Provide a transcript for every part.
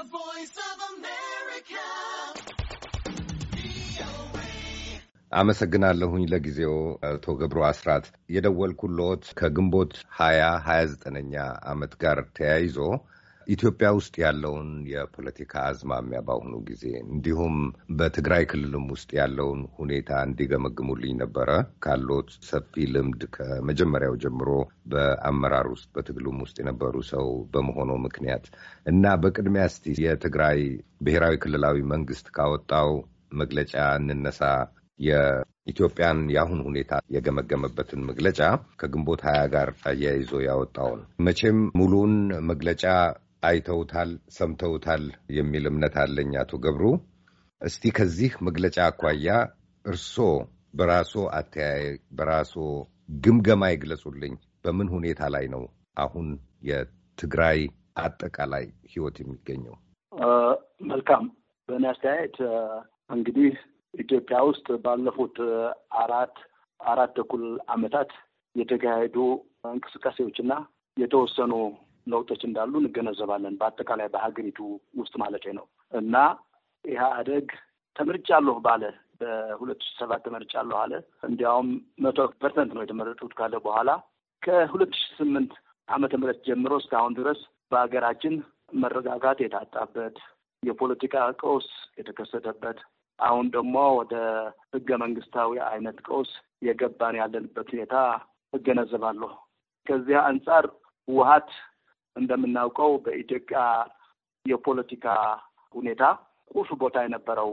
The Voice of America. አመሰግናለሁኝ ለጊዜው አቶ ገብሩ አስራት። የደወልኩሎት ከግንቦት ሀያ ሀያ ዘጠነኛ ዓመት ጋር ተያይዞ ኢትዮጵያ ውስጥ ያለውን የፖለቲካ አዝማሚያ በአሁኑ ጊዜ እንዲሁም በትግራይ ክልልም ውስጥ ያለውን ሁኔታ እንዲገመግሙልኝ ነበረ። ካሎት ሰፊ ልምድ ከመጀመሪያው ጀምሮ በአመራር ውስጥ በትግሉም ውስጥ የነበሩ ሰው በመሆኑ ምክንያት እና በቅድሚያ እስቲ የትግራይ ብሔራዊ ክልላዊ መንግስት ካወጣው መግለጫ እንነሳ። የኢትዮጵያን የአሁን ሁኔታ የገመገመበትን መግለጫ ከግንቦት ሀያ ጋር አያይዞ ያወጣውን መቼም ሙሉን መግለጫ አይተውታል፣ ሰምተውታል የሚል እምነት አለኝ። አቶ ገብሩ እስቲ ከዚህ መግለጫ አኳያ እርሶ በራሶ አተያይ በራሶ ግምገማ ይግለጹልኝ። በምን ሁኔታ ላይ ነው አሁን የትግራይ አጠቃላይ ህይወት የሚገኘው? መልካም። በእኔ አስተያየት እንግዲህ ኢትዮጵያ ውስጥ ባለፉት አራት አራት ተኩል ዓመታት የተካሄዱ እንቅስቃሴዎችና የተወሰኑ ለውጦች እንዳሉ እንገነዘባለን። በአጠቃላይ በሀገሪቱ ውስጥ ማለት ነው እና ኢህአደግ ተመርጫለሁ ባለ በሁለት ሺ ሰባት ተመርጫለሁ አለ። እንዲያውም መቶ ፐርሰንት ነው የተመረጡት ካለ በኋላ ከሁለት ሺ ስምንት ዓመተ ምህረት ጀምሮ እስካሁን ድረስ በሀገራችን መረጋጋት የታጣበት የፖለቲካ ቀውስ የተከሰተበት አሁን ደግሞ ወደ ህገ መንግስታዊ አይነት ቀውስ የገባን ያለንበት ሁኔታ እገነዘባለሁ። ከዚያ አንጻር ውሀት እንደምናውቀው በኢትዮጵያ የፖለቲካ ሁኔታ ቁልፍ ቦታ የነበረው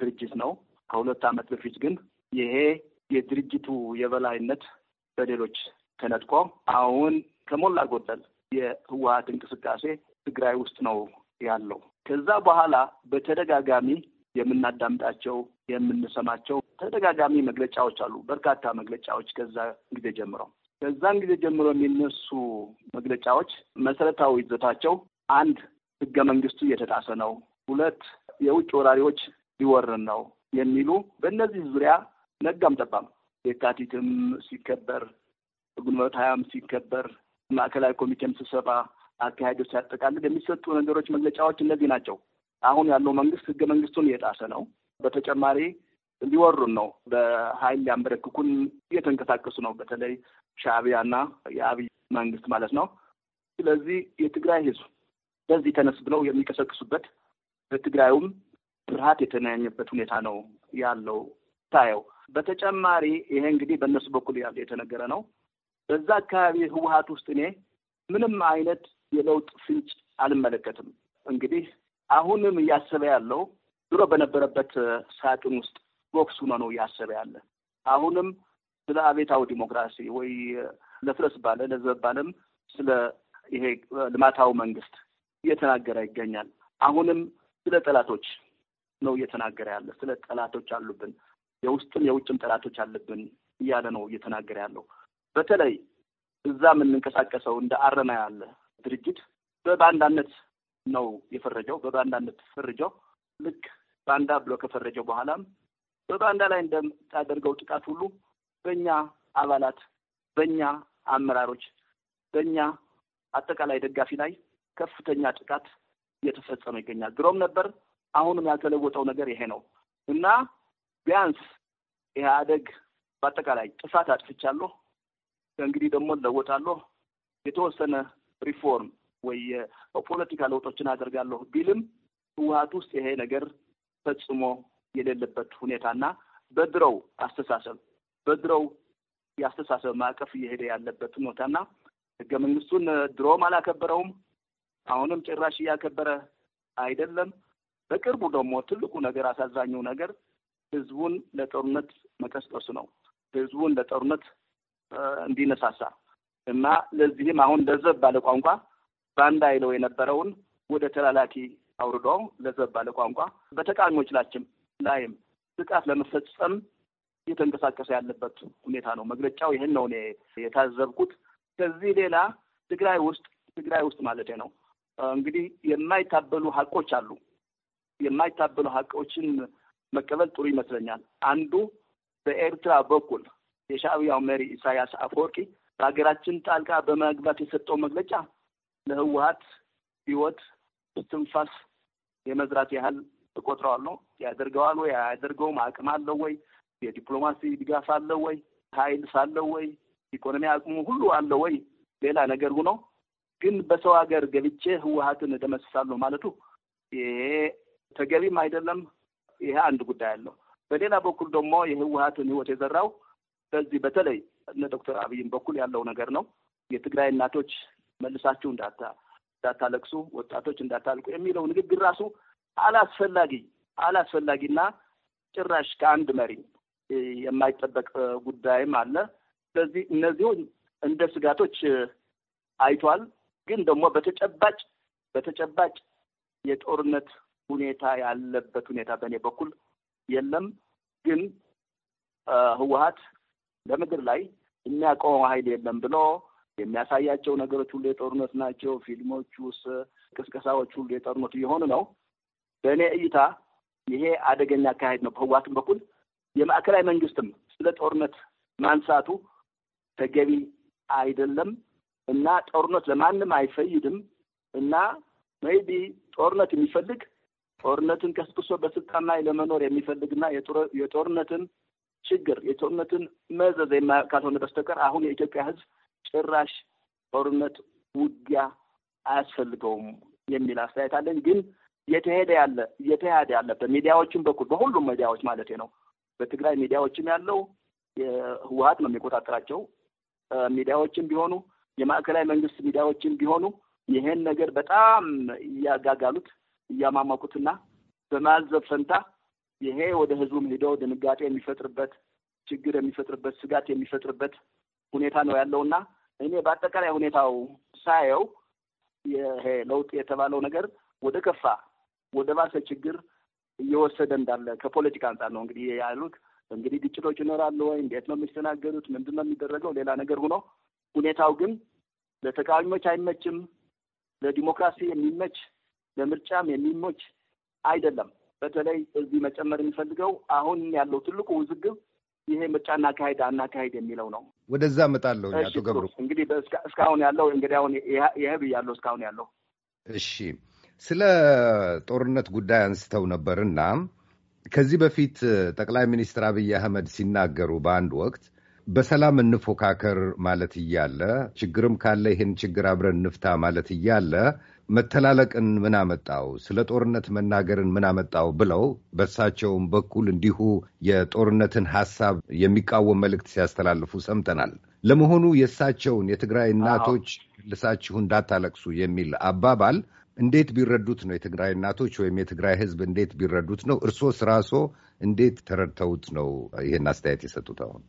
ድርጅት ነው። ከሁለት ዓመት በፊት ግን ይሄ የድርጅቱ የበላይነት በሌሎች ተነጥቆ አሁን ከሞላ ጎደል የህወሀት እንቅስቃሴ ትግራይ ውስጥ ነው ያለው። ከዛ በኋላ በተደጋጋሚ የምናዳምጣቸው የምንሰማቸው ተደጋጋሚ መግለጫዎች አሉ። በርካታ መግለጫዎች ከዛ ጊዜ ጀምረው ከዛን ጊዜ ጀምሮ የሚነሱ መግለጫዎች መሰረታዊ ይዘታቸው አንድ ህገ መንግስቱ እየተጣሰ ነው፣ ሁለት የውጭ ወራሪዎች ሊወርን ነው የሚሉ በእነዚህ ዙሪያ ነጋም ጠባም የካቲትም ሲከበር ግንቦት ሀያም ሲከበር ማዕከላዊ ኮሚቴም ስብሰባ አካሄዶ ሲያጠቃልል የሚሰጡ ነገሮች መግለጫዎች እነዚህ ናቸው። አሁን ያለው መንግስት ህገ መንግስቱን እየጣሰ ነው። በተጨማሪ ሊወሩን ነው። በኃይል ሊያንበረክኩን እየተንቀሳቀሱ ነው። በተለይ ሻዕቢያና የአብይ መንግስት ማለት ነው። ስለዚህ የትግራይ ህዝብ በዚህ ተነስ ብለው የሚቀሰቅሱበት በትግራዩም ፍርሃት የተናኘበት ሁኔታ ነው ያለው ታየው። በተጨማሪ ይሄ እንግዲህ በእነሱ በኩል ያለ የተነገረ ነው። በዛ አካባቢ ህወሀት ውስጥ እኔ ምንም አይነት የለውጥ ፍንጭ አልመለከትም። እንግዲህ አሁንም እያሰበ ያለው ድሮ በነበረበት ሳጥን ውስጥ ቦክስ ሆኖ ነው እያሰበ ያለ። አሁንም ስለ አቤታዊ ዲሞክራሲ ወይ ለፍረስ ባለ ለዘብ ባለም ስለ ይሄ ልማታዊ መንግስት እየተናገረ ይገኛል። አሁንም ስለ ጠላቶች ነው እየተናገረ ያለ። ስለ ጠላቶች አሉብን፣ የውስጥም የውጭም ጠላቶች አለብን እያለ ነው እየተናገረ ያለው። በተለይ እዛ የምንንቀሳቀሰው እንደ አረና ያለ ድርጅት በባንዳነት ነው የፈረጀው። በባንዳነት ፈርጀው ልክ ባንዳ ብሎ ከፈረጀው በኋላም በባንዳ ላይ እንደምታደርገው ጥቃት ሁሉ በእኛ አባላት፣ በእኛ አመራሮች፣ በእኛ አጠቃላይ ደጋፊ ላይ ከፍተኛ ጥቃት እየተፈጸመ ይገኛል። ድሮም ነበር፣ አሁንም ያልተለወጠው ነገር ይሄ ነው እና ቢያንስ ኢህአደግ በአጠቃላይ ጥፋት አጥፍቻለሁ፣ ከእንግዲህ ደግሞ እለወጣለሁ፣ የተወሰነ ሪፎርም ወይ ፖለቲካ ለውጦችን አደርጋለሁ ቢልም ህወሀት ውስጥ ይሄ ነገር ፈጽሞ የሌለበት ሁኔታና በድሮው አስተሳሰብ በድሮው የአስተሳሰብ ማዕቀፍ እየሄደ ያለበት ሁኔታና ህገ መንግስቱን ድሮም አላከበረውም፣ አሁንም ጭራሽ እያከበረ አይደለም። በቅርቡ ደግሞ ትልቁ ነገር አሳዛኙ ነገር ህዝቡን ለጦርነት መቀስቀሱ ነው። ህዝቡን ለጦርነት እንዲነሳሳ እና ለዚህም አሁን ለዘብ ባለ ቋንቋ ባንዳ ይለው የነበረውን ወደ ተላላኪ አውርዶ ለዘብ ባለ ቋንቋ በተቃዋሚዎች ላችም ላይም ጥቃት ለመፈጸም እየተንቀሳቀሰ ያለበት ሁኔታ ነው። መግለጫው ይህን ነው እኔ የታዘብኩት። ከዚህ ሌላ ትግራይ ውስጥ ትግራይ ውስጥ ማለት ነው እንግዲህ የማይታበሉ ሀቆች አሉ። የማይታበሉ ሀቆችን መቀበል ጥሩ ይመስለኛል። አንዱ በኤርትራ በኩል የሻእቢያው መሪ ኢሳያስ አፈወርቂ በሀገራችን ጣልቃ በመግባት የሰጠው መግለጫ ለህወሀት ህይወት ትንፋስ የመዝራት ያህል እቆጥረዋለሁ። ያደርገዋል ወይ አያደርገውም? አቅም አለው ወይ? የዲፕሎማሲ ድጋፍ አለው ወይ? ኃይል ሳለው ወይ? ኢኮኖሚ አቅሙ ሁሉ አለው ወይ? ሌላ ነገር ሆኖ ግን በሰው ሀገር ገብቼ ህወሀትን እደመስሳለሁ ማለቱ ይሄ ተገቢም አይደለም። ይሄ አንድ ጉዳይ አለው። በሌላ በኩል ደግሞ የህወሀትን ህይወት የዘራው በዚህ በተለይ እነ ዶክተር አብይን በኩል ያለው ነገር ነው። የትግራይ እናቶች መልሳችሁ እንዳታ እንዳታለቅሱ፣ ወጣቶች እንዳታልቁ የሚለው ንግግር ራሱ አላስፈላጊ አላስፈላጊና ጭራሽ ከአንድ መሪ የማይጠበቅ ጉዳይም አለ። ስለዚህ እነዚሁን እንደ ስጋቶች አይቷል። ግን ደግሞ በተጨባጭ በተጨባጭ የጦርነት ሁኔታ ያለበት ሁኔታ በእኔ በኩል የለም። ግን ህወሀት በምድር ላይ የሚያቆመው ኃይል የለም ብሎ የሚያሳያቸው ነገሮች ሁሉ የጦርነት ናቸው። ፊልሞች ውስጥ ቅስቀሳዎች ሁሉ የጦርነቱ የሆኑ ነው። በእኔ እይታ ይሄ አደገኛ አካሄድ ነው በህወሀትም በኩል የማዕከላዊ መንግስትም ስለ ጦርነት ማንሳቱ ተገቢ አይደለም እና ጦርነት ለማንም አይፈይድም እና ሜይቢ ጦርነት የሚፈልግ ጦርነትን ቀስቅሶ በስልጣን ላይ ለመኖር የሚፈልግና የጦርነትን ችግር የጦርነትን መዘዝ ካልሆነ በስተቀር አሁን የኢትዮጵያ ሕዝብ ጭራሽ ጦርነት ውጊያ አያስፈልገውም የሚል አስተያየት አለን። ግን እየተሄደ ያለ እየተሄደ ያለ በሚዲያዎችም በኩል በሁሉም ሚዲያዎች ማለት ነው በትግራይ ሚዲያዎችም ያለው ህወሀት ነው የሚቆጣጠራቸው ሚዲያዎችም ቢሆኑ የማዕከላዊ መንግስት ሚዲያዎችም ቢሆኑ ይሄን ነገር በጣም እያጋጋሉት እያማመቁትና በማዘብ ፈንታ ይሄ ወደ ህዝቡም ሂደው ድንጋጤ የሚፈጥርበት ችግር የሚፈጥርበት ስጋት የሚፈጥርበት ሁኔታ ነው ያለውና እኔ በአጠቃላይ ሁኔታው ሳየው ይሄ ለውጥ የተባለው ነገር ወደ ከፋ ወደ ባሰ ችግር እየወሰደ እንዳለ ከፖለቲካ አንጻር ነው እንግዲህ ያሉት። እንግዲህ ግጭቶች ይኖራሉ ወይ? እንዴት ነው የሚስተናገዱት? ምንድን ነው የሚደረገው? ሌላ ነገር ሆኖ ሁኔታው ግን ለተቃዋሚዎች አይመችም፣ ለዲሞክራሲ የሚመች ለምርጫም የሚመች አይደለም። በተለይ እዚህ መጨመር የሚፈልገው አሁን ያለው ትልቁ ውዝግብ ይሄ ምርጫ እናካሄድ አናካሄድ የሚለው ነው። ወደዛ እመጣለሁ አቶ ገብሩ። እንግዲህ እስካሁን ያለው እንግዲህ አሁን ይህብ ያለው እስካሁን ያለው እሺ ስለ ጦርነት ጉዳይ አንስተው ነበርና ከዚህ በፊት ጠቅላይ ሚኒስትር አብይ አህመድ ሲናገሩ በአንድ ወቅት በሰላም እንፎካከር ማለት እያለ ችግርም ካለ ይህን ችግር አብረን እንፍታ ማለት እያለ መተላለቅን ምን አመጣው፣ ስለ ጦርነት መናገርን ምን አመጣው ብለው በእሳቸውም በኩል እንዲሁ የጦርነትን ሀሳብ የሚቃወም መልእክት ሲያስተላልፉ ሰምተናል። ለመሆኑ የእሳቸውን የትግራይ እናቶች ልሳችሁ እንዳታለቅሱ የሚል አባባል እንዴት ቢረዱት ነው የትግራይ እናቶች ወይም የትግራይ ህዝብ እንዴት ቢረዱት ነው? እርሶስ ራሶ እንዴት ተረድተውት ነው ይህን አስተያየት የሰጡት? አሁን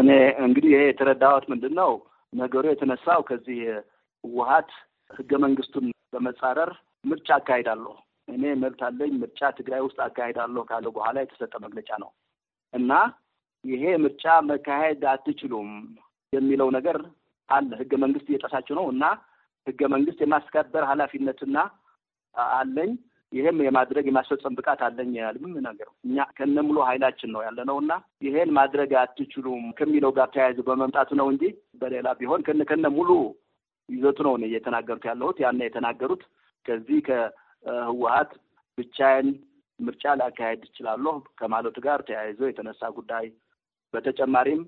እኔ እንግዲህ ይሄ የተረዳሁት ምንድን ነው ነገሩ የተነሳው ከዚህ ህወሀት ህገ መንግስቱን በመጻረር ምርጫ አካሄዳለሁ እኔ መብት አለኝ ምርጫ ትግራይ ውስጥ አካሄዳለሁ ካለ በኋላ የተሰጠ መግለጫ ነው እና ይሄ ምርጫ መካሄድ አትችሉም የሚለው ነገር አለ። ህገ መንግስት እየጠሳችሁ ነው እና ህገ መንግስት የማስከበር ኃላፊነትና አለኝ ይሄም የማድረግ የማስፈጸም ብቃት አለኝ ያል ምን ነገር እኛ ከነሙሉ ኃይላችን ነው ያለ ነው እና ይሄን ማድረግ አትችሉም ከሚለው ጋር ተያይዞ በመምጣቱ ነው እንጂ በሌላ ቢሆን ከነ ከነ ሙሉ ይዘቱ ነው እየተናገሩት ያለሁት ያን የተናገሩት ከዚህ ከህወሀት ብቻዬን ምርጫ ላካሄድ እችላለሁ ከማለቱ ጋር ተያይዞ የተነሳ ጉዳይ በተጨማሪም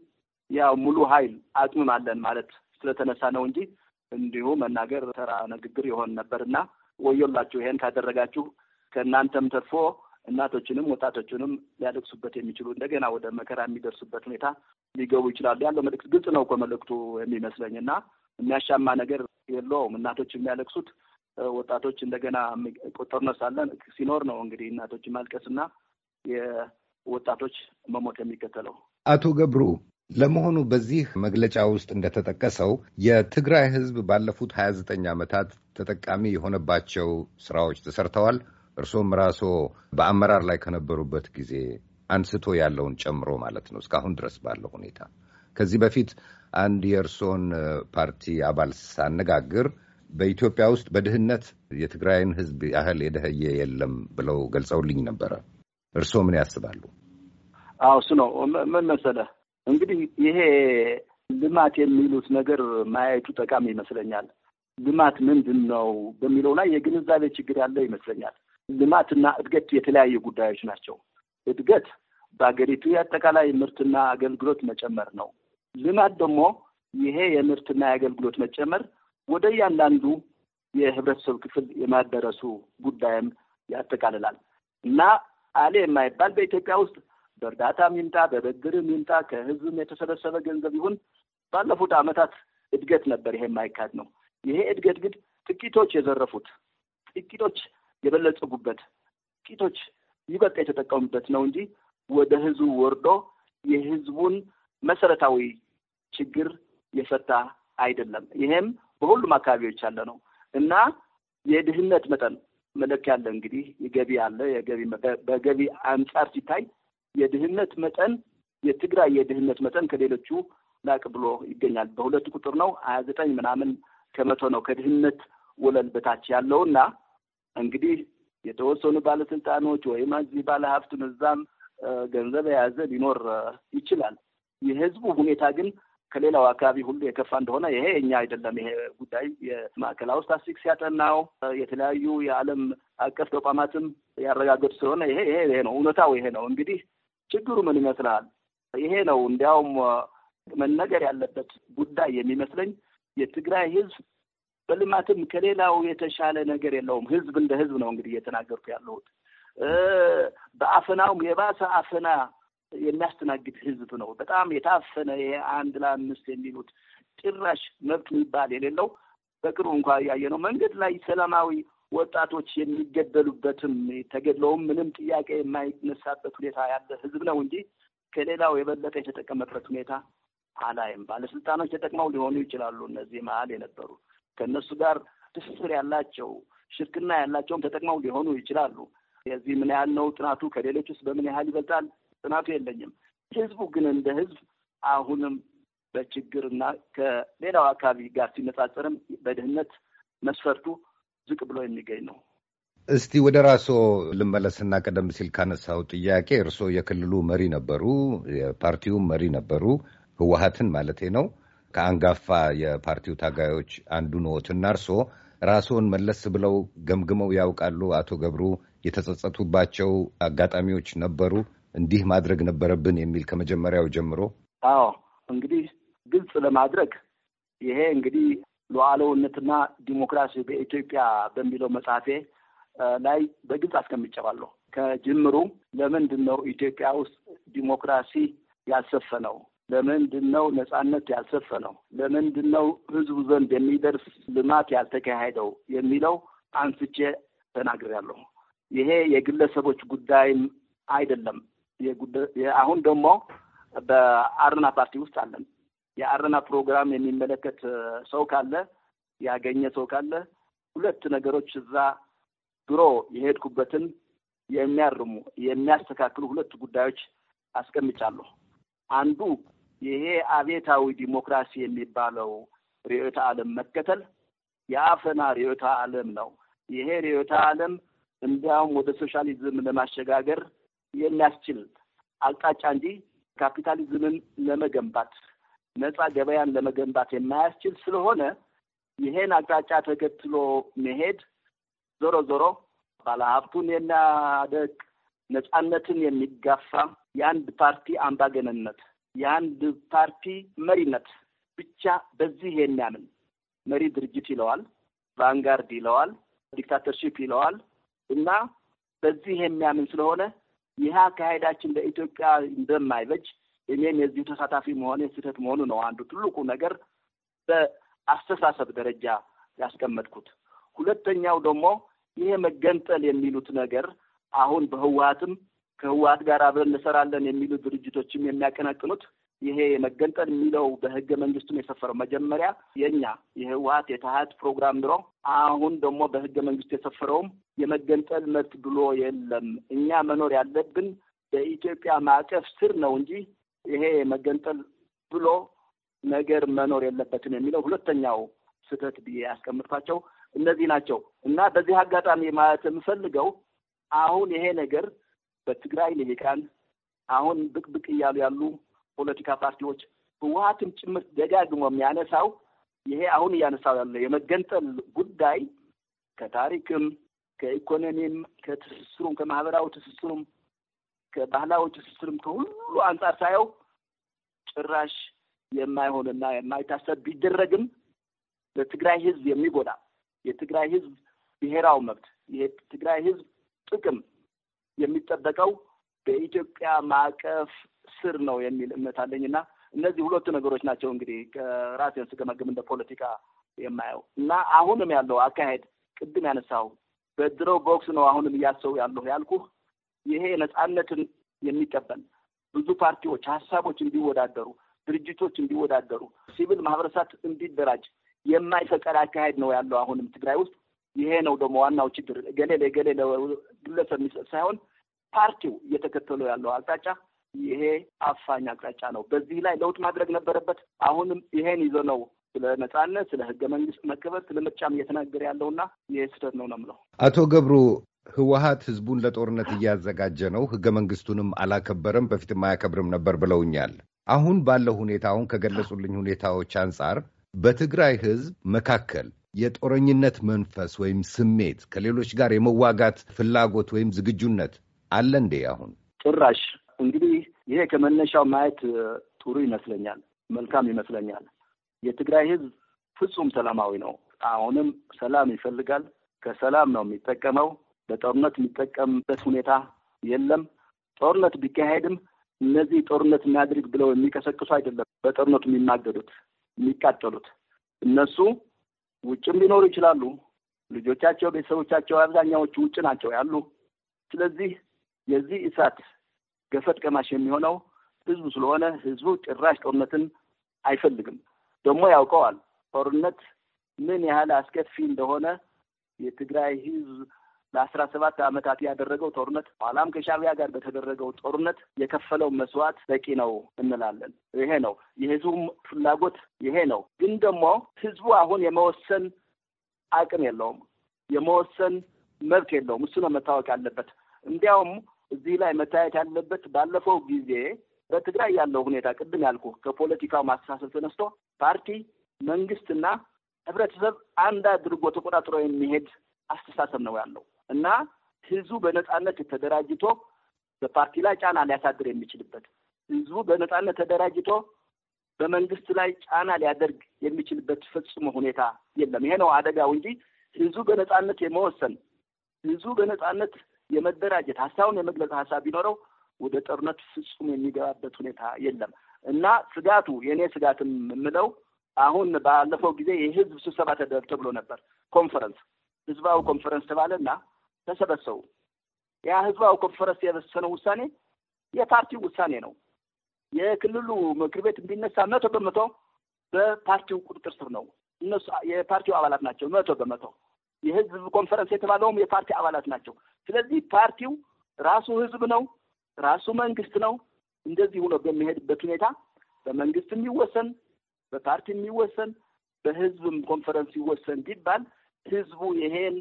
ያው ሙሉ ኃይል አቅምም አለን ማለት ስለተነሳ ነው እንጂ እንዲሁ መናገር ተራ ንግግር ይሆን ነበር እና ወዮላችሁ ይሄን ካደረጋችሁ ከእናንተም ተርፎ እናቶችንም ወጣቶችንም ሊያለቅሱበት የሚችሉ እንደገና ወደ መከራ የሚደርሱበት ሁኔታ ሊገቡ ይችላሉ። ያለው መልእክት ግልጽ ነው እኮ መልእክቱ የሚመስለኝ እና የሚያሻማ ነገር የለውም። እናቶች የሚያለቅሱት ወጣቶች እንደገና ቁጥር ነው ሳለን ሲኖር ነው እንግዲህ እናቶች ማልቀስና የወጣቶች መሞት የሚከተለው። አቶ ገብሩ ለመሆኑ በዚህ መግለጫ ውስጥ እንደተጠቀሰው የትግራይ ሕዝብ ባለፉት 29 ዓመታት ተጠቃሚ የሆነባቸው ስራዎች ተሰርተዋል። እርሶም ራስዎ በአመራር ላይ ከነበሩበት ጊዜ አንስቶ ያለውን ጨምሮ ማለት ነው እስካሁን ድረስ ባለው ሁኔታ። ከዚህ በፊት አንድ የእርሶን ፓርቲ አባል ሳነጋግር በኢትዮጵያ ውስጥ በድህነት የትግራይን ህዝብ ያህል የደህየ የለም ብለው ገልጸውልኝ ነበረ። እርስዎ ምን ያስባሉ? አዎ እሱ ነው። ምን መሰለህ እንግዲህ ይሄ ልማት የሚሉት ነገር ማየቱ ጠቃሚ ይመስለኛል። ልማት ምንድን ነው በሚለው ላይ የግንዛቤ ችግር ያለ ይመስለኛል። ልማትና እድገት የተለያዩ ጉዳዮች ናቸው። እድገት በሀገሪቱ የአጠቃላይ ምርትና አገልግሎት መጨመር ነው። ልማት ደግሞ ይሄ የምርትና የአገልግሎት መጨመር ወደ እያንዳንዱ የህብረተሰብ ክፍል የማደረሱ ጉዳይም ያጠቃልላል እና አሌ የማይባል በኢትዮጵያ ውስጥ በእርዳታም ይምጣ በብድርም ይምጣ ከህዝብም የተሰበሰበ ገንዘብ ይሁን ባለፉት አመታት እድገት ነበር። ይሄ የማይካድ ነው። ይሄ እድገት ግን ጥቂቶች የዘረፉት፣ ጥቂቶች የበለጸጉበት፣ ጥቂቶች ይበልጥ የተጠቀሙበት ነው እንጂ ወደ ህዝቡ ወርዶ የህዝቡን መሰረታዊ ችግር የፈታ አይደለም። ይሄም በሁሉም አካባቢዎች ያለ ነው እና የድህነት መጠን መለኪያ አለ እንግዲህ የገቢ አለ የገቢ በገቢ አንጻር ሲታይ የድህነት መጠን የትግራይ የድህነት መጠን ከሌሎቹ ላቅ ብሎ ይገኛል። በሁለት ቁጥር ነው ሀያ ዘጠኝ ምናምን ከመቶ ነው ከድህነት ወለል በታች ያለው እና እንግዲህ የተወሰኑ ባለስልጣኖች ወይም እዚህ ባለ እዛም ገንዘብ የያዘ ሊኖር ይችላል። የህዝቡ ሁኔታ ግን ከሌላው አካባቢ ሁሉ የከፋ እንደሆነ ይሄ እኛ አይደለም። ይሄ ጉዳይ የማዕከላዊ ስታትስቲክስ ያጠናው የተለያዩ የዓለም አቀፍ ተቋማትም ያረጋገጡ ስለሆነ ይሄ ይሄ ይሄ ነው እውነታው ይሄ ነው። እንግዲህ ችግሩ ምን ይመስላል? ይሄ ነው እንዲያውም መነገር ያለበት ጉዳይ የሚመስለኝ። የትግራይ ህዝብ በልማትም ከሌላው የተሻለ ነገር የለውም። ህዝብ እንደ ህዝብ ነው እንግዲህ እየተናገርኩ ያለሁት። በአፈናውም የባሰ አፈና የሚያስተናግድ ህዝብ ነው። በጣም የታፈነ ይሄ አንድ ለአምስት የሚሉት ጭራሽ መብት የሚባል የሌለው በቅርቡ እንኳ እያየ ነው መንገድ ላይ ሰላማዊ ወጣቶች የሚገደሉበትም ተገድለውም ምንም ጥያቄ የማይነሳበት ሁኔታ ያለ ህዝብ ነው እንጂ ከሌላው የበለጠ የተጠቀመበት ሁኔታ አላይም። ባለስልጣኖች ተጠቅመው ሊሆኑ ይችላሉ። እነዚህ መሀል የነበሩ ከእነሱ ጋር ትስስር ያላቸው ሽርክና ያላቸውም ተጠቅመው ሊሆኑ ይችላሉ። የዚህ ምን ያህል ነው ጥናቱ ከሌሎች ውስጥ በምን ያህል ይበልጣል? ጥናቱ የለኝም። ህዝቡ ግን እንደ ህዝብ አሁንም በችግርና ከሌላው አካባቢ ጋር ሲነጻጸርም በድህነት መስፈርቱ ዝቅ ብሎ የሚገኝ ነው። እስቲ ወደ ራስዎ ልመለስና ቀደም ሲል ካነሳው ጥያቄ እርስዎ የክልሉ መሪ ነበሩ፣ የፓርቲውም መሪ ነበሩ፣ ህወሀትን ማለቴ ነው። ከአንጋፋ የፓርቲው ታጋዮች አንዱ ነዎትና እርስዎ ራስዎን መለስ ብለው ገምግመው ያውቃሉ? አቶ ገብሩ የተጸጸቱባቸው አጋጣሚዎች ነበሩ? እንዲህ ማድረግ ነበረብን የሚል ከመጀመሪያው ጀምሮ? አዎ እንግዲህ ግልጽ ለማድረግ ይሄ እንግዲህ ሉዓላዊነትና ዲሞክራሲ በኢትዮጵያ በሚለው መጽሐፌ ላይ በግልጽ አስቀምጨዋለሁ። ከጅምሩ ለምንድን ነው ኢትዮጵያ ውስጥ ዲሞክራሲ ያልሰፈነው? ለምንድን ነው ነጻነት ያልሰፈነው? ለምንድን ነው ህዝቡ ዘንድ የሚደርስ ልማት ያልተካሄደው የሚለው አንስቼ ተናግሬያለሁ። ይሄ የግለሰቦች ጉዳይም አይደለም። አሁን ደግሞ በአርና ፓርቲ ውስጥ አለን። የአረና ፕሮግራም የሚመለከት ሰው ካለ ያገኘ ሰው ካለ ሁለት ነገሮች እዛ ድሮ የሄድኩበትን የሚያርሙ የሚያስተካክሉ ሁለት ጉዳዮች አስቀምጫለሁ። አንዱ ይሄ አቤታዊ ዲሞክራሲ የሚባለው ርዕዮተ ዓለም መከተል የአፈና ርዕዮተ ዓለም ነው። ይሄ ርዕዮተ ዓለም እንዲያውም ወደ ሶሻሊዝም ለማሸጋገር የሚያስችል አቅጣጫ እንጂ ካፒታሊዝምን ለመገንባት ነፃ ገበያን ለመገንባት የማያስችል ስለሆነ ይሄን አቅጣጫ ተከትሎ መሄድ ዞሮ ዞሮ ባለሀብቱን የሚያደቅ ነፃነትን የሚጋፋ የአንድ ፓርቲ አምባገነንነት የአንድ ፓርቲ መሪነት ብቻ በዚህ የሚያምን መሪ ድርጅት ይለዋል፣ ቫንጋርድ ይለዋል፣ ዲክታተርሺፕ ይለዋል እና በዚህ የሚያምን ስለሆነ ይህ አካሄዳችን ለኢትዮጵያ እንደማይበጅ እኔም የዚሁ ተሳታፊ መሆን ስህተት መሆኑ ነው አንዱ ትልቁ ነገር በአስተሳሰብ ደረጃ ያስቀመጥኩት። ሁለተኛው ደግሞ ይሄ መገንጠል የሚሉት ነገር አሁን በህወሀትም ከህወሀት ጋር አብረን እንሰራለን የሚሉ ድርጅቶችም የሚያቀነቅኑት ይሄ መገንጠል የሚለው በህገ መንግስቱም የሰፈረው መጀመሪያ የእኛ የህወሀት የታሀት ፕሮግራም ድሮ፣ አሁን ደግሞ በህገ መንግስቱ የሰፈረውም የመገንጠል መብት ብሎ የለም። እኛ መኖር ያለብን በኢትዮጵያ ማዕቀፍ ስር ነው እንጂ ይሄ መገንጠል ብሎ ነገር መኖር የለበትም የሚለው ሁለተኛው ስህተት ብዬ ያስቀምጥኳቸው እነዚህ ናቸው እና በዚህ አጋጣሚ ማለት የምፈልገው አሁን ይሄ ነገር በትግራይ ልሂቃን አሁን ብቅብቅ እያሉ ያሉ ፖለቲካ ፓርቲዎች ህወሀትም ጭምር ደጋግሞ የሚያነሳው ይሄ አሁን እያነሳው ያለ የመገንጠል ጉዳይ ከታሪክም ከኢኮኖሚም ከትስስሩም ከማህበራዊ ትስስሩም ከባህላዊ ትስስርም ከሁሉ አንጻር ሳየው ጭራሽ የማይሆንና የማይታሰብ ቢደረግም ለትግራይ ህዝብ የሚጎዳ የትግራይ ህዝብ ብሔራዊ መብት የትግራይ ህዝብ ጥቅም የሚጠበቀው በኢትዮጵያ ማዕቀፍ ስር ነው የሚል እምነት እና እነዚህ ሁለቱ ነገሮች ናቸው እንግዲህ ራሴን ስገመግም እንደ ፖለቲካ የማየው እና አሁንም ያለው አካሄድ ቅድም ያነሳው በድሮ ቦክስ ነው አሁንም እያሰው ያለሁ ያልኩህ ይሄ ነጻነትን የሚቀበል ብዙ ፓርቲዎች፣ ሀሳቦች እንዲወዳደሩ፣ ድርጅቶች እንዲወዳደሩ፣ ሲቪል ማህበረሰብ እንዲደራጅ የማይፈቀድ አካሄድ ነው ያለው አሁንም ትግራይ ውስጥ። ይሄ ነው ደግሞ ዋናው ችግር። ገሌ ለገሌ ግለሰብ የሚሰጥ ሳይሆን ፓርቲው እየተከተሉ ያለው አቅጣጫ ይሄ አፋኝ አቅጣጫ ነው። በዚህ ላይ ለውጥ ማድረግ ነበረበት። አሁንም ይሄን ይዞ ነው ስለ ነጻነት፣ ስለ ህገ መንግስት መከበር፣ ስለ ምርጫም እየተናገረ ያለውና ይሄ ስህተት ነው ነው የምለው። አቶ ገብሩ ህወሀት ህዝቡን ለጦርነት እያዘጋጀ ነው፣ ህገ መንግስቱንም አላከበረም፣ በፊትም አያከብርም ነበር ብለውኛል። አሁን ባለው ሁኔታ አሁን ከገለጹልኝ ሁኔታዎች አንጻር በትግራይ ህዝብ መካከል የጦረኝነት መንፈስ ወይም ስሜት ከሌሎች ጋር የመዋጋት ፍላጎት ወይም ዝግጁነት አለ እንዴ? አሁን ጭራሽ። እንግዲህ ይሄ ከመነሻው ማየት ጥሩ ይመስለኛል፣ መልካም ይመስለኛል። የትግራይ ህዝብ ፍጹም ሰላማዊ ነው። አሁንም ሰላም ይፈልጋል። ከሰላም ነው የሚጠቀመው። በጦርነት የሚጠቀምበት ሁኔታ የለም። ጦርነት ቢካሄድም እነዚህ ጦርነት የሚያድርግ ብለው የሚቀሰቅሱ አይደለም። በጦርነቱ የሚማገዱት የሚቃጠሉት እነሱ ውጭም ሊኖሩ ይችላሉ። ልጆቻቸው፣ ቤተሰቦቻቸው አብዛኛዎቹ ውጭ ናቸው ያሉ። ስለዚህ የዚህ እሳት ገፈት ቀማሽ የሚሆነው ህዝቡ ስለሆነ ህዝቡ ጭራሽ ጦርነትን አይፈልግም። ደግሞ ያውቀዋል ጦርነት ምን ያህል አስከፊ እንደሆነ የትግራይ ህዝብ ለአስራ ሰባት ዓመታት ያደረገው ጦርነት ኋላም ከሻቢያ ጋር በተደረገው ጦርነት የከፈለው መስዋዕት በቂ ነው እንላለን። ይሄ ነው የህዝቡም ፍላጎት ይሄ ነው። ግን ደግሞ ህዝቡ አሁን የመወሰን አቅም የለውም፣ የመወሰን መብት የለውም። እሱ ነው መታወቅ ያለበት። እንዲያውም እዚህ ላይ መታየት ያለበት ባለፈው ጊዜ በትግራይ ያለው ሁኔታ ቅድም ያልኩ ከፖለቲካው ማስተሳሰብ ተነስቶ ፓርቲ መንግስትና ህብረተሰብ አንድ አድርጎ ተቆጣጥሮ የሚሄድ አስተሳሰብ ነው ያለው። እና ህዝቡ በነጻነት ተደራጅቶ በፓርቲ ላይ ጫና ሊያሳድር የሚችልበት ህዝቡ በነጻነት ተደራጅቶ በመንግስት ላይ ጫና ሊያደርግ የሚችልበት ፍጹም ሁኔታ የለም። ይሄ ነው አደጋው እንጂ ህዝቡ በነጻነት የመወሰን ህዝቡ በነጻነት የመደራጀት ሀሳቡን የመግለጽ ሀሳብ ቢኖረው ወደ ጦርነት ፍጹም የሚገባበት ሁኔታ የለም እና ስጋቱ የእኔ ስጋትም የምለው አሁን ባለፈው ጊዜ የህዝብ ስብሰባ ተደርግ ተብሎ ነበር። ኮንፈረንስ ህዝባዊ ኮንፈረንስ ተባለ እና ተሰበሰቡ። ያ ህዝባዊ ኮንፈረንስ የበሰነው ውሳኔ የፓርቲው ውሳኔ ነው። የክልሉ ምክር ቤት እንዲነሳ መቶ በመቶ በፓርቲው ቁጥጥር ስር ነው። እነሱ የፓርቲው አባላት ናቸው። መቶ በመቶ የህዝብ ኮንፈረንስ የተባለውም የፓርቲ አባላት ናቸው። ስለዚህ ፓርቲው ራሱ ህዝብ ነው፣ ራሱ መንግስት ነው። እንደዚህ ሆኖ በሚሄድበት ሁኔታ በመንግስት የሚወሰን በፓርቲ የሚወሰን በህዝብም ኮንፈረንስ ይወሰን ቢባል ህዝቡ ይሄን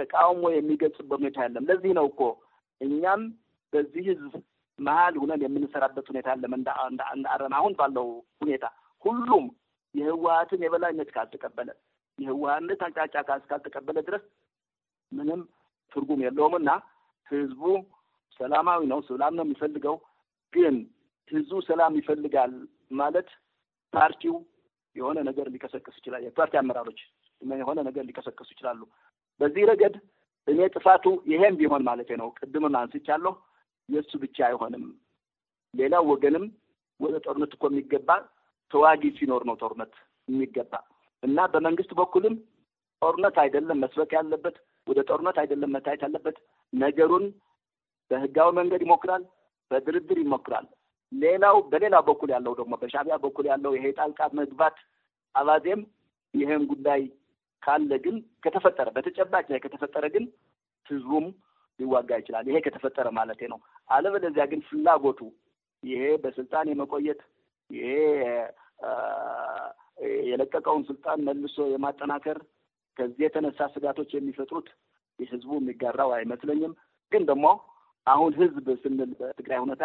ተቃውሞ የሚገልጽበት ሁኔታ የለም። ለዚህ ነው እኮ እኛም በዚህ ህዝብ መሀል ሁነን የምንሰራበት ሁኔታ የለም። እንደ አረና አሁን ባለው ሁኔታ ሁሉም የህወሀትን የበላይነት ካልተቀበለ የህወሀነት አቅጣጫ ካልተቀበለ ድረስ ምንም ትርጉም የለውም እና ህዝቡ ሰላማዊ ነው፣ ሰላም ነው የሚፈልገው። ግን ህዝቡ ሰላም ይፈልጋል ማለት ፓርቲው የሆነ ነገር ሊቀሰቅስ ይችላል። የፓርቲ አመራሮች የሆነ ነገር ሊቀሰቅሱ ይችላሉ። በዚህ ረገድ እኔ ጥፋቱ ይሄም ቢሆን ማለት ነው ቅድምም አንስቻለሁ፣ የእሱ ብቻ አይሆንም። ሌላው ወገንም ወደ ጦርነት እኮ የሚገባ ተዋጊ ሲኖር ነው ጦርነት የሚገባ እና በመንግስት በኩልም ጦርነት አይደለም መስበክ ያለበት፣ ወደ ጦርነት አይደለም መታየት ያለበት። ነገሩን በህጋዊ መንገድ ይሞክራል፣ በድርድር ይሞክራል። ሌላው በሌላ በኩል ያለው ደግሞ በሻቢያ በኩል ያለው ይሄ ጣልቃ መግባት አባዜም ይህን ጉዳይ ካለ ግን ከተፈጠረ በተጨባጭ ላይ ከተፈጠረ ግን ህዝቡም ሊዋጋ ይችላል። ይሄ ከተፈጠረ ማለት ነው። አለበለዚያ ግን ፍላጎቱ ይሄ በስልጣን የመቆየት ይሄ የለቀቀውን ስልጣን መልሶ የማጠናከር ከዚህ የተነሳ ስጋቶች የሚፈጥሩት ህዝቡ የሚጋራው አይመስለኝም። ግን ደግሞ አሁን ህዝብ ስንል በትግራይ ሁኔታ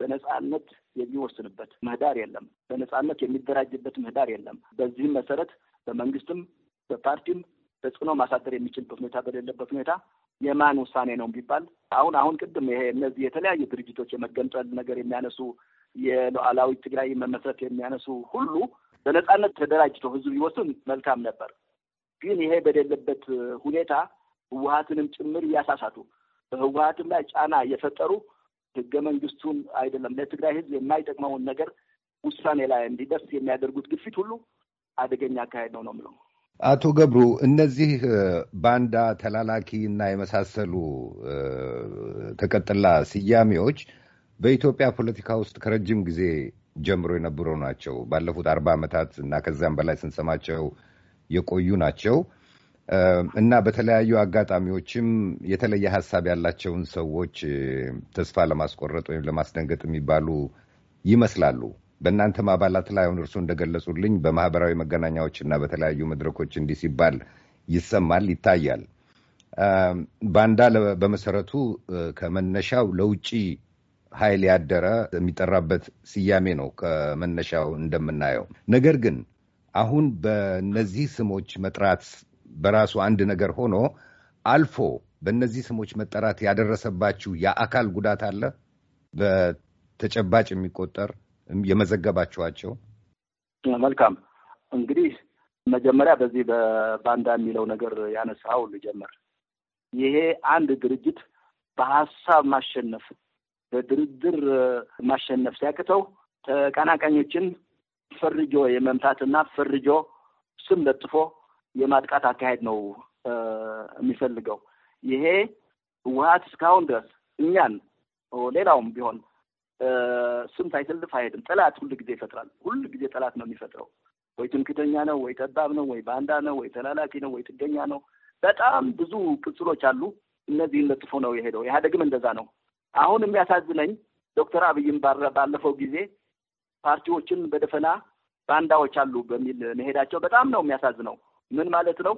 በነጻነት የሚወስንበት ምህዳር የለም። በነጻነት የሚደራጅበት ምህዳር የለም። በዚህም መሰረት በመንግስትም በፓርቲም ተጽዕኖ ማሳደር የሚችልበት ሁኔታ በሌለበት ሁኔታ የማን ውሳኔ ነው ቢባል አሁን አሁን ቅድም ይሄ እነዚህ የተለያዩ ድርጅቶች የመገንጠል ነገር የሚያነሱ የሉዓላዊ ትግራይ መመስረት የሚያነሱ ሁሉ በነጻነት ተደራጅቶ ህዝብ ይወስን መልካም ነበር። ግን ይሄ በሌለበት ሁኔታ ህወሀትንም ጭምር እያሳሳቱ በህወሀትም ላይ ጫና እየፈጠሩ ህገ መንግስቱን አይደለም ለትግራይ ህዝብ የማይጠቅመውን ነገር ውሳኔ ላይ እንዲደርስ የሚያደርጉት ግፊት ሁሉ አደገኛ አካሄድ ነው ነው የምለው። አቶ ገብሩ እነዚህ ባንዳ፣ ተላላኪ እና የመሳሰሉ ተቀጥላ ስያሜዎች በኢትዮጵያ ፖለቲካ ውስጥ ከረጅም ጊዜ ጀምሮ የነበሩ ናቸው። ባለፉት አርባ ዓመታት እና ከዚያም በላይ ስንሰማቸው የቆዩ ናቸው እና በተለያዩ አጋጣሚዎችም የተለየ ሀሳብ ያላቸውን ሰዎች ተስፋ ለማስቆረጥ ወይም ለማስደንገጥ የሚባሉ ይመስላሉ። በእናንተም አባላት ላይ አሁን እርሱ እንደገለጹልኝ በማህበራዊ መገናኛዎች እና በተለያዩ መድረኮች እንዲህ ሲባል ይሰማል፣ ይታያል። ባንዳ በመሰረቱ ከመነሻው ለውጭ ኃይል ያደረ የሚጠራበት ስያሜ ነው፣ ከመነሻው እንደምናየው። ነገር ግን አሁን በነዚህ ስሞች መጥራት በራሱ አንድ ነገር ሆኖ አልፎ በእነዚህ ስሞች መጠራት ያደረሰባችሁ የአካል ጉዳት አለ በተጨባጭ የሚቆጠር የመዘገባችኋቸው? መልካም እንግዲህ መጀመሪያ በዚህ በባንዳ የሚለው ነገር ያነሳው ልጀምር። ይሄ አንድ ድርጅት በሀሳብ ማሸነፍ በድርድር ማሸነፍ ሲያቅተው ተቀናቃኞችን ፈርጆ የመምታትና ፈርጆ ስም ለጥፎ የማጥቃት አካሄድ ነው የሚፈልገው። ይሄ ህወሀት እስካሁን ድረስ እኛን ሌላውም ቢሆን ስም ሳይሰልፍ አይሄድም። ጠላት ሁል ጊዜ ይፈጥራል። ሁል ጊዜ ጠላት ነው የሚፈጥረው። ወይ ትምክተኛ ነው፣ ወይ ጠባብ ነው፣ ወይ ባንዳ ነው፣ ወይ ተላላኪ ነው፣ ወይ ጥገኛ ነው። በጣም ብዙ ቅጽሎች አሉ። እነዚህን ለጥፎ ነው የሄደው። ኢህአዴግም እንደዛ ነው። አሁን የሚያሳዝነኝ ዶክተር አብይም ባለፈው ጊዜ ፓርቲዎችን በደፈና ባንዳዎች አሉ በሚል መሄዳቸው በጣም ነው የሚያሳዝነው። ምን ማለት ነው?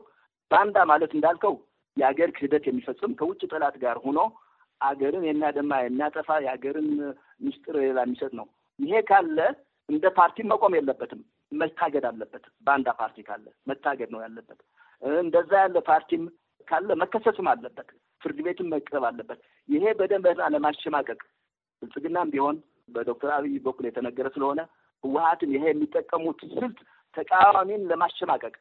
ባንዳ ማለት እንዳልከው የሀገር ክህደት የሚፈጽም ከውጭ ጠላት ጋር ሆኖ አገርን የሚያደማ የሚያጠፋ የሀገርን ምስጢር ሌላ የሚሰጥ ነው። ይሄ ካለ እንደ ፓርቲ መቆም የለበትም፣ መታገድ አለበት። በአንዳ ፓርቲ ካለ መታገድ ነው ያለበት። እንደዛ ያለ ፓርቲም ካለ መከሰስም አለበት፣ ፍርድ ቤትም መቅረብ አለበት። ይሄ በደንብ ለማሸማቀቅ ብልጽግናም ቢሆን በዶክተር አብይ በኩል የተነገረ ስለሆነ ህወሀትን ይሄ የሚጠቀሙት ስልት ተቃዋሚን ለማሸማቀቅ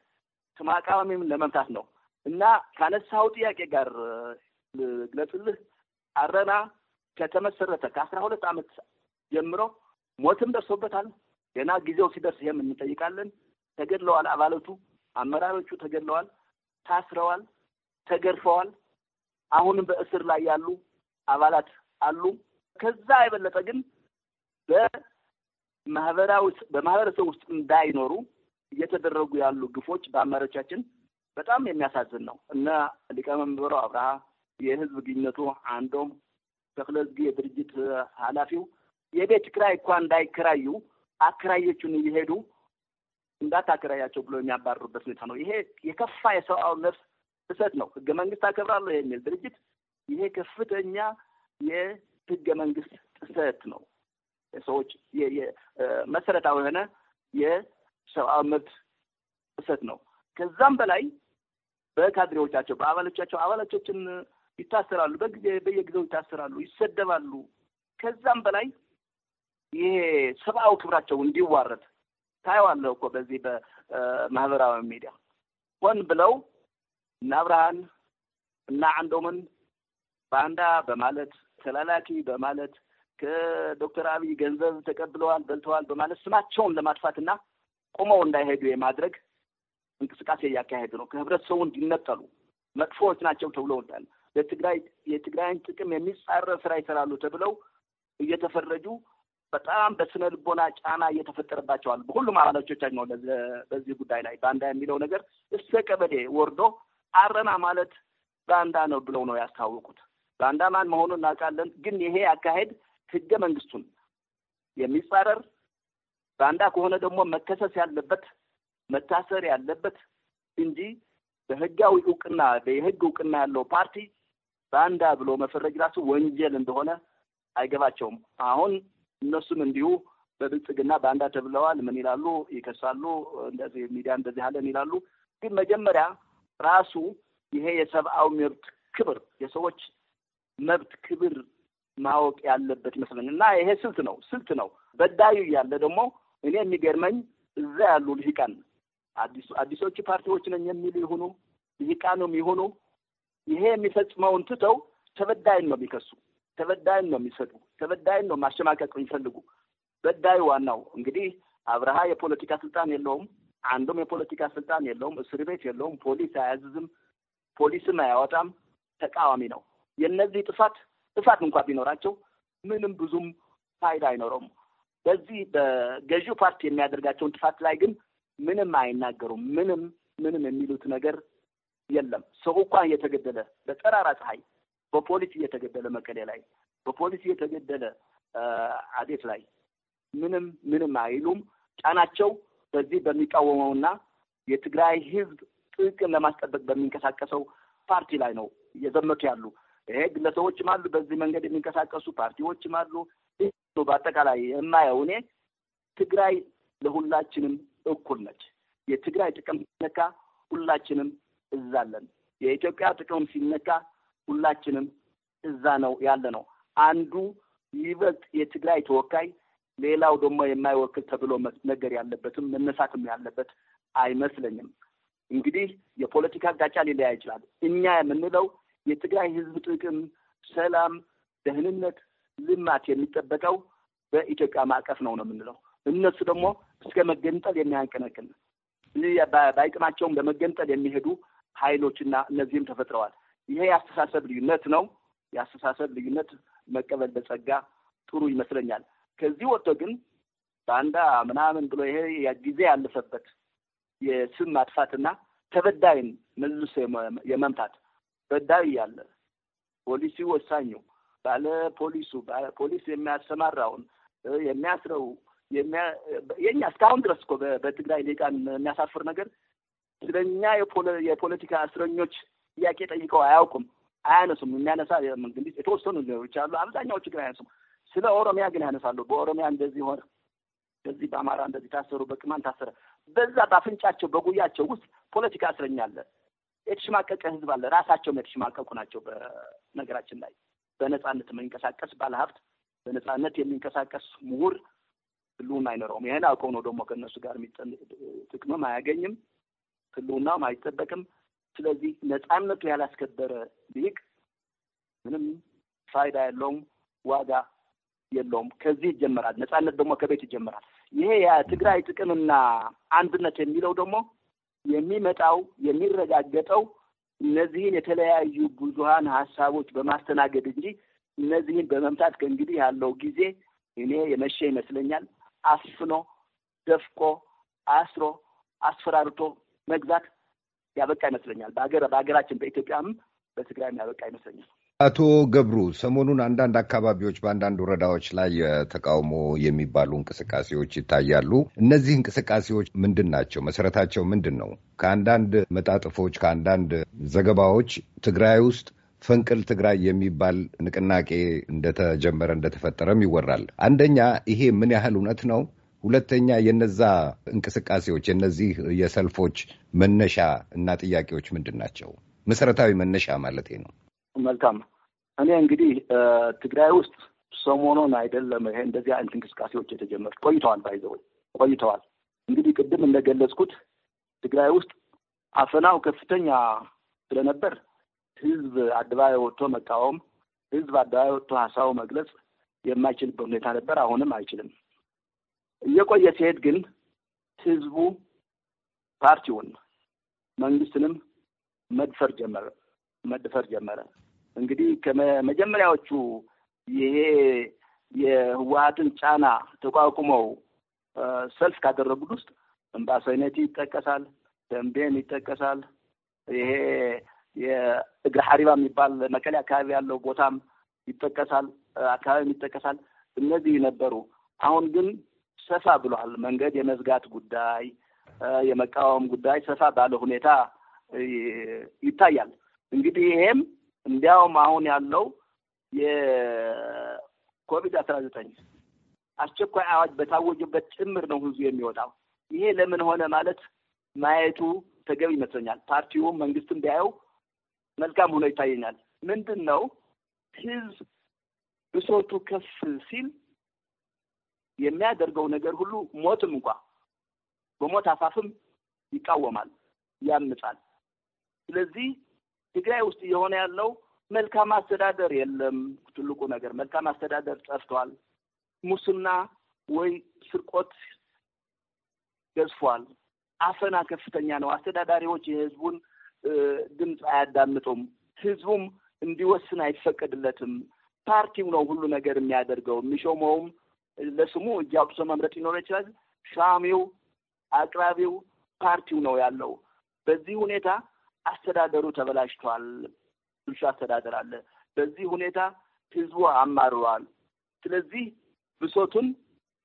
ተቃዋሚን ለመምታት ነው እና ካነሳው ጥያቄ ጋር ግለጽልህ አረና ከተመሰረተ ከአስራ ሁለት ዓመት ጀምሮ ሞትም ደርሶበታል። ገና ጊዜው ሲደርስ ይህም እንጠይቃለን። ተገድለዋል። አባላቱ አመራሮቹ ተገድለዋል፣ ታስረዋል፣ ተገርፈዋል። አሁንም በእስር ላይ ያሉ አባላት አሉ። ከዛ የበለጠ ግን በማህበራዊ በማህበረሰብ ውስጥ እንዳይኖሩ እየተደረጉ ያሉ ግፎች በአመራሮቻችን በጣም የሚያሳዝን ነው። እነ ሊቀመንበሩ አብርሃ የህዝብ ግንኙነቱ አንዶም ተክለ ህዝብ የድርጅት ኃላፊው የቤት ክራይ እኳ እንዳይከራዩ አከራዮቹን እየሄዱ እንዳታከራያቸው ብሎ የሚያባርሩበት ሁኔታ ነው። ይሄ የከፋ የሰብአዊ ነፍስ ጥሰት ነው። ህገ መንግስት አከብራለሁ የሚል ድርጅት ይሄ ከፍተኛ የህገ መንግስት ጥሰት ነው። ሰዎች መሰረታዊ የሆነ የሰብአዊ መብት ጥሰት ነው። ከዛም በላይ በካድሬዎቻቸው በአባሎቻቸው አባሎቻችን ይታሰራሉ፣ በየጊዜው ይታሰራሉ፣ ይሰደባሉ። ከዛም በላይ ይሄ ሰብአዊ ክብራቸው እንዲዋረድ ታየዋለሁ እኮ በዚህ በማህበራዊ ሚዲያ ሆን ብለው እና አብርሃን እና አንዶምን በአንዳ በማለት ተላላኪ በማለት ከዶክተር አብይ ገንዘብ ተቀብለዋል በልተዋል በማለት ስማቸውን ለማጥፋትና ቆመው እንዳይሄዱ የማድረግ እንቅስቃሴ እያካሄዱ ነው። ከህብረተሰቡ እንዲነጠሉ መጥፎዎች ናቸው ተብሎ እንዳለ ለትግራይ የትግራይን ጥቅም የሚጻረር ስራ ይሰራሉ ተብለው እየተፈረጁ በጣም በስነ ልቦና ጫና እየተፈጠረባቸዋል። በሁሉም አባሎቻችን ነው። በዚህ ጉዳይ ላይ ባንዳ የሚለው ነገር እስከ ቀበሌ ወርዶ አረና ማለት ባንዳ ነው ብለው ነው ያስታወቁት። ባንዳ ማን መሆኑን እናውቃለን፣ ግን ይሄ አካሄድ ህገ መንግስቱን የሚጻረር ባንዳ ከሆነ ደግሞ መከሰስ ያለበት መታሰር ያለበት እንጂ በህጋዊ እውቅና የህግ እውቅና ያለው ፓርቲ ባንዳ ብሎ መፈረጅ ራሱ ወንጀል እንደሆነ አይገባቸውም። አሁን እነሱም እንዲሁ በብልጽግና ባንዳ ተብለዋል። ምን ይላሉ? ይከሳሉ። እንደዚህ ሚዲያ እንደዚህ አለን ይላሉ። ግን መጀመሪያ ራሱ ይሄ የሰብአዊ መብት ክብር፣ የሰዎች መብት ክብር ማወቅ ያለበት ይመስለኝ እና ይሄ ስልት ነው ስልት ነው። በዳዩ እያለ ደግሞ እኔ የሚገርመኝ እዛ ያሉ ልሂቃን አዲሶቹ ፓርቲዎች ነኝ የሚሉ ይሁኑ ልሂቃኑም ይሁኑ ይሄ የሚፈጽመውን ትተው ተበዳይን ነው የሚከሱ፣ ተበዳይን ነው የሚሰጡ፣ ተበዳይን ነው ማሸማቀቅ የሚፈልጉ። በዳዩ ዋናው እንግዲህ አብርሃ የፖለቲካ ስልጣን የለውም፣ አንዱም የፖለቲካ ስልጣን የለውም፣ እስር ቤት የለውም፣ ፖሊስ አያዝዝም፣ ፖሊስም አያወጣም፣ ተቃዋሚ ነው። የእነዚህ ጥፋት ጥፋት እንኳ ቢኖራቸው ምንም ብዙም ፋይዳ አይኖረውም። በዚህ በገዢው ፓርቲ የሚያደርጋቸውን ጥፋት ላይ ግን ምንም አይናገሩም። ምንም ምንም የሚሉት ነገር የለም። ሰው እንኳን እየተገደለ በጠራራ ፀሐይ በፖሊስ እየተገደለ መቀሌ ላይ በፖሊስ እየተገደለ አዴት ላይ ምንም ምንም አይሉም። ጫናቸው በዚህ በሚቃወመውና የትግራይ ህዝብ ጥቅም ለማስጠበቅ በሚንቀሳቀሰው ፓርቲ ላይ ነው እየዘመቱ ያሉ። ይሄ ግለሰቦችም አሉ፣ በዚህ መንገድ የሚንቀሳቀሱ ፓርቲዎችም አሉ። በአጠቃላይ የማየው እኔ ትግራይ ለሁላችንም እኩል ነች። የትግራይ ጥቅም ነካ ሁላችንም እዛለን። የኢትዮጵያ ጥቅም ሲነካ ሁላችንም እዛ ነው ያለ ነው። አንዱ ይበልጥ የትግራይ ተወካይ ሌላው ደግሞ የማይወክል ተብሎ መነገር ያለበትም መነሳትም ያለበት አይመስለኝም። እንግዲህ የፖለቲካ አቅጣጫ ሊለያይ ይችላል። እኛ የምንለው የትግራይ ሕዝብ ጥቅም፣ ሰላም፣ ደህንነት፣ ልማት የሚጠበቀው በኢትዮጵያ ማዕቀፍ ነው ነው የምንለው። እነሱ ደግሞ እስከ መገንጠል የሚያንቀነቅን ባይጥማቸውም ለመገንጠል የሚሄዱ እና እነዚህም ተፈጥረዋል። ይሄ የአስተሳሰብ ልዩነት ነው። የአስተሳሰብ ልዩነት መቀበል በጸጋ ጥሩ ይመስለኛል። ከዚህ ወጥቶ ግን በአንዳ ምናምን ብሎ ይሄ ጊዜ ያለፈበት የስም ማጥፋትና ተበዳይን መልሶ የመምታት በዳይ ያለ ፖሊሲ ወሳኙ ባለ ፖሊሱ ፖሊስ የሚያሰማራውን የሚያስረው የኛ እስካሁን ድረስ እኮ በትግራይ ሌቃን የሚያሳፍር ነገር ስለኛ የፖለቲካ እስረኞች ጥያቄ ጠይቀው አያውቁም፣ አያነሱም። የሚያነሳ መንግስት የተወሰኑ ሌሎች አሉ። አብዛኛዎቹ ግን አያነሱም። ስለ ኦሮሚያ ግን ያነሳሉ። በኦሮሚያ እንደዚህ ሆነ፣ በዚህ በአማራ እንደዚህ ታሰሩ፣ በቅማን ታሰረ። በዛ በአፍንጫቸው በጉያቸው ውስጥ ፖለቲካ እስረኛ አለ። የተሽማቀቀ ህዝብ አለ። ራሳቸውም የተሽማቀቁ ናቸው። በነገራችን ላይ በነፃነት የሚንቀሳቀስ ባለሀብት፣ በነፃነት የሚንቀሳቀስ ምሁር ህልውና አይኖረውም። ይህን አውቀው ነው ደግሞ ከእነሱ ጋር ጥቅምም አያገኝም። ህልውናውም አይጠበቅም። ስለዚህ ነጻነቱ ያላስከበረ ሊግ ምንም ፋይዳ ያለውም ዋጋ የለውም። ከዚህ ይጀመራል። ነጻነት ደግሞ ከቤት ይጀመራል። ይሄ የትግራይ ጥቅምና አንድነት የሚለው ደግሞ የሚመጣው የሚረጋገጠው እነዚህን የተለያዩ ብዙሀን ሀሳቦች በማስተናገድ እንጂ እነዚህን በመምታት ከእንግዲህ ያለው ጊዜ እኔ የመሸ ይመስለኛል። አፍኖ ደፍቆ አስሮ አስፈራርቶ መግዛት ያበቃ ይመስለኛል። በሀገር በሀገራችን በኢትዮጵያም በትግራይም ያበቃ ይመስለኛል። አቶ ገብሩ ሰሞኑን አንዳንድ አካባቢዎች በአንዳንድ ወረዳዎች ላይ የተቃውሞ የሚባሉ እንቅስቃሴዎች ይታያሉ። እነዚህ እንቅስቃሴዎች ምንድን ናቸው? መሰረታቸው ምንድን ነው? ከአንዳንድ መጣጥፎች፣ ከአንዳንድ ዘገባዎች ትግራይ ውስጥ ፈንቅል ትግራይ የሚባል ንቅናቄ እንደተጀመረ እንደተፈጠረም ይወራል። አንደኛ ይሄ ምን ያህል እውነት ነው? ሁለተኛ የነዛ እንቅስቃሴዎች የነዚህ የሰልፎች መነሻ እና ጥያቄዎች ምንድን ናቸው? መሰረታዊ መነሻ ማለት ነው። መልካም። እኔ እንግዲህ ትግራይ ውስጥ ሰሞኑን አይደለም ይሄ እንደዚህ አይነት እንቅስቃሴዎች የተጀመሩ ቆይተዋል፣ ባይዘወይ ቆይተዋል። እንግዲህ ቅድም እንደገለጽኩት ትግራይ ውስጥ አፈናው ከፍተኛ ስለነበር ህዝብ አደባባይ ወጥቶ መቃወም፣ ህዝብ አደባባይ ወጥቶ ሀሳቡ መግለጽ የማይችልበት ሁኔታ ነበር። አሁንም አይችልም። እየቆየ ሲሄድ ግን ህዝቡ ፓርቲውን መንግስትንም መድፈር ጀመረ መድፈር ጀመረ። እንግዲህ ከመጀመሪያዎቹ ይሄ የህወሀትን ጫና ተቋቁመው ሰልፍ ካደረጉት ውስጥ እምባሰኔቲ ይጠቀሳል፣ ደንቤን ይጠቀሳል። ይሄ የእግረ ሐሪባ የሚባል መቀሌ አካባቢ ያለው ቦታም ይጠቀሳል፣ አካባቢም ይጠቀሳል። እነዚህ ነበሩ። አሁን ግን ሰፋ ብሏል። መንገድ የመዝጋት ጉዳይ፣ የመቃወም ጉዳይ ሰፋ ባለ ሁኔታ ይታያል። እንግዲህ ይሄም እንዲያውም አሁን ያለው የኮቪድ አስራ ዘጠኝ አስቸኳይ አዋጅ በታወጀበት ጭምር ነው ህዝቡ የሚወጣው። ይሄ ለምን ሆነ ማለት ማየቱ ተገቢ ይመስለኛል። ፓርቲውም መንግስትም ቢያየው መልካም ሆኖ ይታየኛል። ምንድን ነው ህዝብ ብሶቱ ከፍ ሲል የሚያደርገው ነገር ሁሉ ሞትም እንኳ በሞት አፋፍም ይቃወማል፣ ያምጻል። ስለዚህ ትግራይ ውስጥ እየሆነ ያለው መልካም አስተዳደር የለም። ትልቁ ነገር መልካም አስተዳደር ጠፍቷል። ሙስና ወይ ስርቆት ገዝፏል። አፈና ከፍተኛ ነው። አስተዳዳሪዎች የህዝቡን ድምፅ አያዳምጡም። ህዝቡም እንዲወስን አይፈቀድለትም። ፓርቲው ነው ሁሉ ነገር የሚያደርገው የሚሾመውም ለስሙ እያብሶ መምረጥ ይኖረ ይችላል። ሻሚው፣ አቅራቢው ፓርቲው ነው ያለው። በዚህ ሁኔታ አስተዳደሩ ተበላሽቷል። ብልሹ አስተዳደር አለ። በዚህ ሁኔታ ህዝቡ አማሯል። ስለዚህ ብሶቱን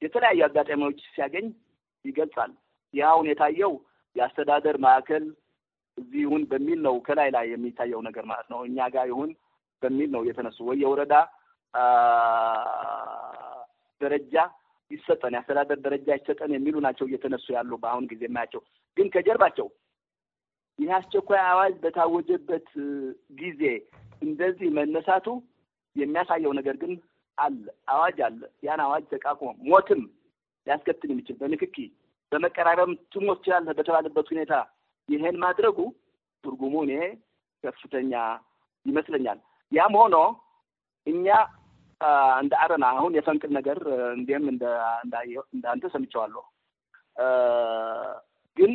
የተለያዩ አጋጣሚዎች ሲያገኝ ይገልጻል። ያውን የታየው የአስተዳደር ማዕከል እዚህ ይሁን በሚል ነው ከላይ ላይ የሚታየው ነገር ማለት ነው። እኛ ጋር ይሁን በሚል ነው የተነሱ ወይ የወረዳ ደረጃ ይሰጠን፣ የአስተዳደር ደረጃ ይሰጠን የሚሉ ናቸው እየተነሱ ያሉ በአሁን ጊዜ የማያቸው። ግን ከጀርባቸው ይህ አስቸኳይ አዋጅ በታወጀበት ጊዜ እንደዚህ መነሳቱ የሚያሳየው ነገር ግን አለ፣ አዋጅ አለ። ያን አዋጅ ተቃቅሞ ሞትም ሊያስከትል የሚችል በንክኪ በመቀራረብም ትሞት ትችላለህ በተባለበት ሁኔታ ይሄን ማድረጉ ትርጉሙ እኔ ከፍተኛ ይመስለኛል። ያም ሆኖ እኛ እንደ አረና አሁን የፈንቅል ነገር እንዲህም እንዳንተ ሰምቸዋለሁ። ግን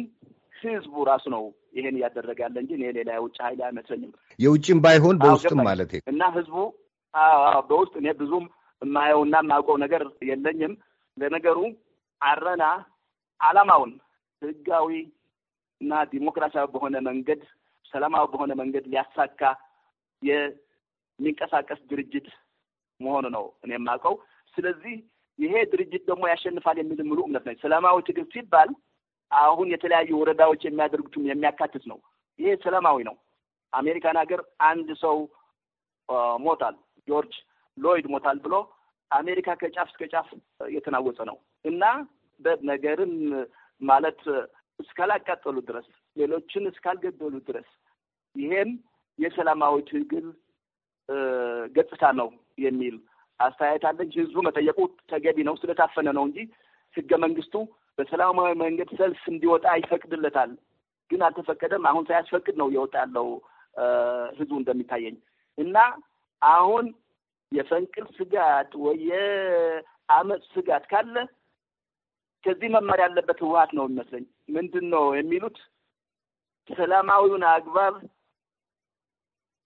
ህዝቡ ራሱ ነው ይሄን እያደረገ ያለ እንጂ እኔ ሌላ የውጭ ኃይል አይመስለኝም። የውጭም ባይሆን በውስጥም ማለት እና ህዝቡ በውስጥ እኔ ብዙም የማየውና የማውቀው ነገር የለኝም። ለነገሩ አረና አላማውን ህጋዊ እና ዲሞክራሲያዊ በሆነ መንገድ ሰላማዊ በሆነ መንገድ ሊያሳካ የሚንቀሳቀስ ድርጅት መሆኑ ነው እኔ የማውቀው። ስለዚህ ይሄ ድርጅት ደግሞ ያሸንፋል የሚል ሙሉ እምነት ነው። ሰላማዊ ትግል ሲባል አሁን የተለያዩ ወረዳዎች የሚያደርጉትም የሚያካትት ነው። ይሄ ሰላማዊ ነው። አሜሪካን ሀገር አንድ ሰው ሞታል፣ ጆርጅ ሎይድ ሞታል ብሎ አሜሪካ ከጫፍ እስከ ጫፍ የተናወጸ ነው እና በነገርም ማለት እስካላቃጠሉ ድረስ ሌሎችን እስካልገደሉ ድረስ ይሄም የሰላማዊ ትግል ገጽታ ነው የሚል አስተያየት አለች። ህዝቡ መጠየቁ ተገቢ ነው። ስለታፈነ ነው እንጂ ህገ መንግስቱ በሰላማዊ መንገድ ሰልፍ እንዲወጣ ይፈቅድለታል። ግን አልተፈቀደም። አሁን ሳያስፈቅድ ነው እየወጣ ያለው ህዝቡ እንደሚታየኝ እና አሁን የፈንቅል ስጋት ወይ የአመፅ ስጋት ካለ ከዚህ መማር ያለበት ህወሀት ነው የሚመስለኝ። ምንድን ነው የሚሉት ሰላማዊውን አግባብ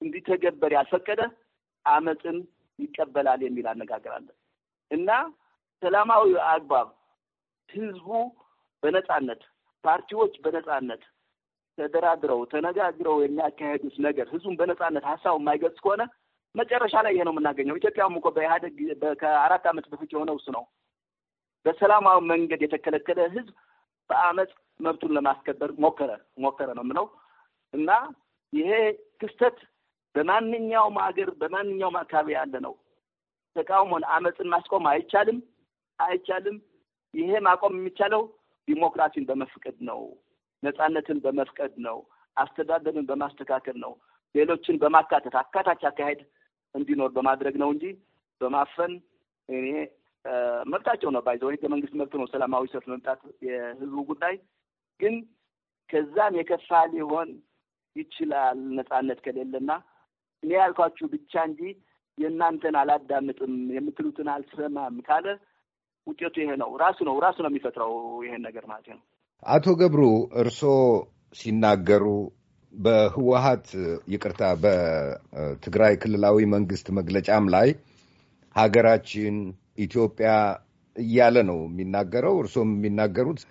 እንዲተገበር ያልፈቀደ አመፅን ይቀበላል የሚል አነጋገር አለ እና ሰላማዊ አግባብ ህዝቡ በነጻነት ፓርቲዎች በነጻነት ተደራድረው ተነጋግረው የሚያካሄዱት ነገር ህዝቡን በነጻነት ሀሳቡ የማይገልጽ ከሆነ መጨረሻ ላይ ይሄ ነው የምናገኘው። ኢትዮጵያም እኮ በኢህአደግ ከአራት ዓመት በፊት የሆነው እሱ ነው። በሰላማዊ መንገድ የተከለከለ ህዝብ በአመፅ መብቱን ለማስከበር ሞከረ ሞከረ ነው የምለው እና ይሄ ክስተት በማንኛውም ሀገር በማንኛውም አካባቢ ያለ ነው። ተቃውሞን አመፅን ማስቆም አይቻልም አይቻልም። ይሄ ማቆም የሚቻለው ዲሞክራሲን በመፍቀድ ነው። ነጻነትን በመፍቀድ ነው። አስተዳደርን በማስተካከል ነው። ሌሎችን በማካተት አካታች አካሄድ እንዲኖር በማድረግ ነው እንጂ በማፈን እኔ መብታቸው ነው ባይዘው ህገ መንግስት መብት ነው ሰላማዊ ሰልፍ መምጣት የህዝቡ ጉዳይ ግን ከዛም የከፋ ሊሆን ይችላል ነጻነት ከሌለና እኔ ያልኳችሁ ብቻ እንጂ የእናንተን አላዳምጥም የምትሉትን አልሰማም ካለ ውጤቱ ይሄ ነው። ራሱ ነው ራሱ ነው የሚፈጥረው ይሄን ነገር ማለት ነው። አቶ ገብሩ እርሶ ሲናገሩ በህወሀት ይቅርታ፣ በትግራይ ክልላዊ መንግስት መግለጫም ላይ ሀገራችን ኢትዮጵያ እያለ ነው የሚናገረው እርስዎም የሚናገሩት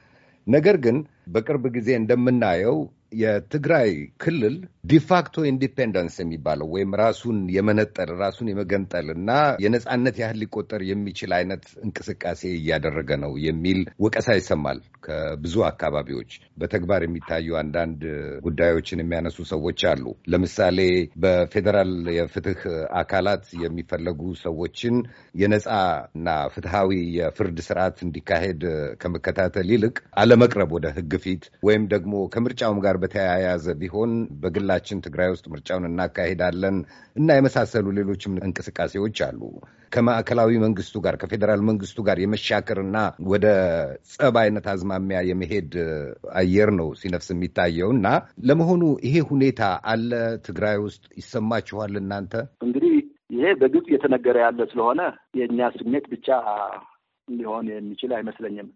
ነገር ግን በቅርብ ጊዜ እንደምናየው የትግራይ ክልል ዲፋክቶ ኢንዲፔንደንስ የሚባለው ወይም ራሱን የመነጠል ራሱን የመገንጠል እና የነፃነት ያህል ሊቆጠር የሚችል አይነት እንቅስቃሴ እያደረገ ነው የሚል ወቀሳ ይሰማል ከብዙ አካባቢዎች። በተግባር የሚታዩ አንዳንድ ጉዳዮችን የሚያነሱ ሰዎች አሉ። ለምሳሌ በፌዴራል የፍትህ አካላት የሚፈለጉ ሰዎችን የነፃ እና ፍትሃዊ የፍርድ ስርዓት እንዲካሄድ ከመከታተል ይልቅ አለመቅረብ ወደ ህግ ፊት ወይም ደግሞ ከምርጫውም ጋር በተያያዘ ቢሆን በግላ ሁላችን ትግራይ ውስጥ ምርጫውን እናካሄዳለን እና የመሳሰሉ ሌሎችም እንቅስቃሴዎች አሉ። ከማዕከላዊ መንግስቱ ጋር ከፌዴራል መንግስቱ ጋር የመሻከርና ወደ ጸብ አይነት አዝማሚያ የመሄድ አየር ነው ሲነፍስ የሚታየው እና ለመሆኑ ይሄ ሁኔታ አለ ትግራይ ውስጥ ይሰማችኋል እናንተ? እንግዲህ ይሄ በግልጽ እየተነገረ ያለ ስለሆነ የእኛ ስሜት ብቻ ሊሆን የሚችል አይመስለኝም።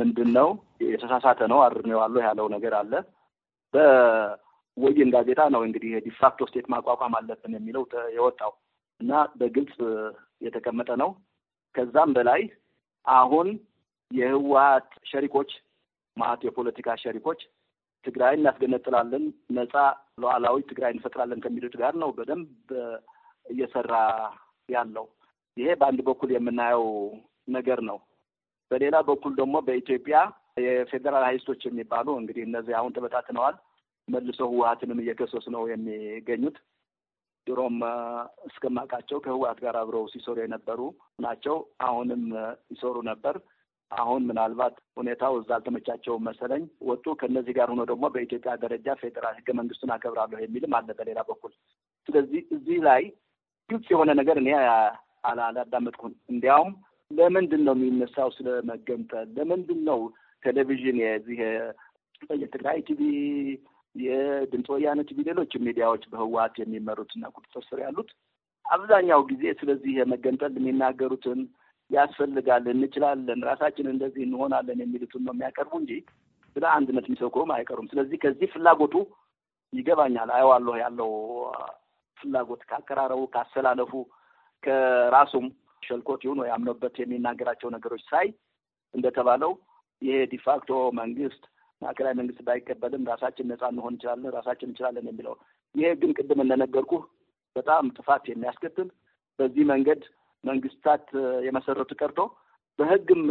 ምንድን ነው የተሳሳተ ነው አድርነዋለሁ ያለው ነገር አለ። ወይን ጋዜጣ ነው እንግዲህ የዲፋክቶ ስቴት ማቋቋም አለብን የሚለው የወጣው እና በግልጽ የተቀመጠ ነው። ከዛም በላይ አሁን የህወሀት ሸሪኮች ማለት የፖለቲካ ሸሪኮች ትግራይን እናስገነጥላለን፣ ነጻ ሉዓላዊ ትግራይ እንፈጥራለን ከሚሉት ጋር ነው በደንብ እየሰራ ያለው። ይሄ በአንድ በኩል የምናየው ነገር ነው። በሌላ በኩል ደግሞ በኢትዮጵያ የፌዴራል ሀይስቶች የሚባሉ እንግዲህ እነዚህ አሁን ተበታትነዋል። መልሶ ህወሀትንም እየከሰሱ ነው የሚገኙት። ድሮም እስከማውቃቸው ከህወሀት ጋር አብረው ሲሰሩ የነበሩ ናቸው። አሁንም ይሰሩ ነበር። አሁን ምናልባት ሁኔታው እዛ አልተመቻቸውም መሰለኝ ወጡ። ከእነዚህ ጋር ሆኖ ደግሞ በኢትዮጵያ ደረጃ ፌዴራል ህገ መንግስቱን አከብራለሁ የሚልም አለ በሌላ በኩል። ስለዚህ እዚህ ላይ ግልጽ የሆነ ነገር እኔ አላዳመጥኩም። እንዲያውም ለምንድን ነው የሚነሳው ስለ መገንጠል? ለምንድን ነው ቴሌቪዥን የዚህ የትግራይ ቲቪ የድምፅ ወያነ ቲቪ፣ ሌሎች ሚዲያዎች በህወሀት የሚመሩትና ቁጥጥር ስር ያሉት አብዛኛው ጊዜ ስለዚህ የመገንጠል የሚናገሩትን ያስፈልጋል፣ እንችላለን፣ ራሳችን እንደዚህ እንሆናለን የሚሉትን ነው የሚያቀርቡ እንጂ ስለ አንድነት የሚሰብኩም አይቀሩም። ስለዚህ ከዚህ ፍላጎቱ ይገባኛል፣ አየዋለሁ ያለው ፍላጎት ካቀራረቡ፣ ካሰላለፉ፣ ከራሱም ሸልኮት ይሁን ወይ አምኖበት የሚናገራቸው ነገሮች ሳይ እንደተባለው ይሄ ዲፋክቶ መንግስት ማዕከላዊ መንግስት ባይቀበልም ራሳችን ነፃ መሆን እንችላለን፣ ራሳችን እንችላለን የሚለው ይሄ ግን ቅድም እንደነገርኩ በጣም ጥፋት የሚያስከትል በዚህ መንገድ መንግስታት የመሰረቱ ቀርቶ በህግም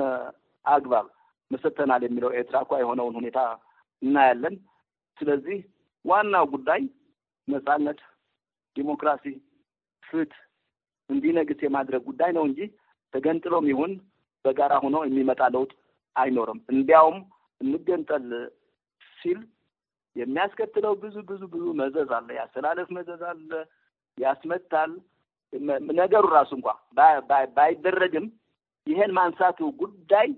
አግባብ መሰተናል የሚለው ኤርትራ እኳ የሆነውን ሁኔታ እናያለን። ስለዚህ ዋናው ጉዳይ ነጻነት፣ ዲሞክራሲ፣ ፍትህ እንዲነግስ የማድረግ ጉዳይ ነው እንጂ ተገንጥሎም ይሁን በጋራ ሆኖ የሚመጣ ለውጥ አይኖርም። እንዲያውም እንገንጠል ሲል የሚያስከትለው ብዙ ብዙ ብዙ መዘዝ አለ። የአስተላለፍ መዘዝ አለ፣ ያስመታል። ነገሩ ራሱ እንኳ ባይደረግም ይሄን ማንሳቱ ጉዳይ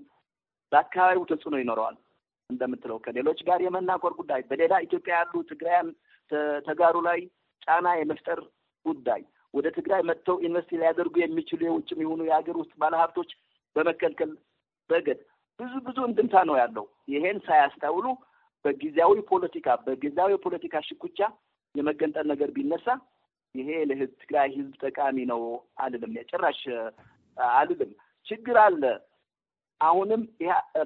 በአካባቢው ተጽዕኖ ይኖረዋል። እንደምትለው ከሌሎች ጋር የመናቆር ጉዳይ፣ በሌላ ኢትዮጵያ ያሉ ትግራያን ተጋሩ ላይ ጫና የመፍጠር ጉዳይ፣ ወደ ትግራይ መጥተው ኢንቨስቲ ሊያደርጉ የሚችሉ የውጭም የሆኑ የሀገር ውስጥ ባለሀብቶች በመከልከል ረገድ ብዙ ብዙ እንድምታ ነው ያለው። ይሄን ሳያስተውሉ በጊዜያዊ ፖለቲካ በጊዜያዊ ፖለቲካ ሽኩቻ የመገንጠል ነገር ቢነሳ ይሄ ለህዝብ ትግራይ ህዝብ ጠቃሚ ነው አልልም፣ የጭራሽ አልልም። ችግር አለ። አሁንም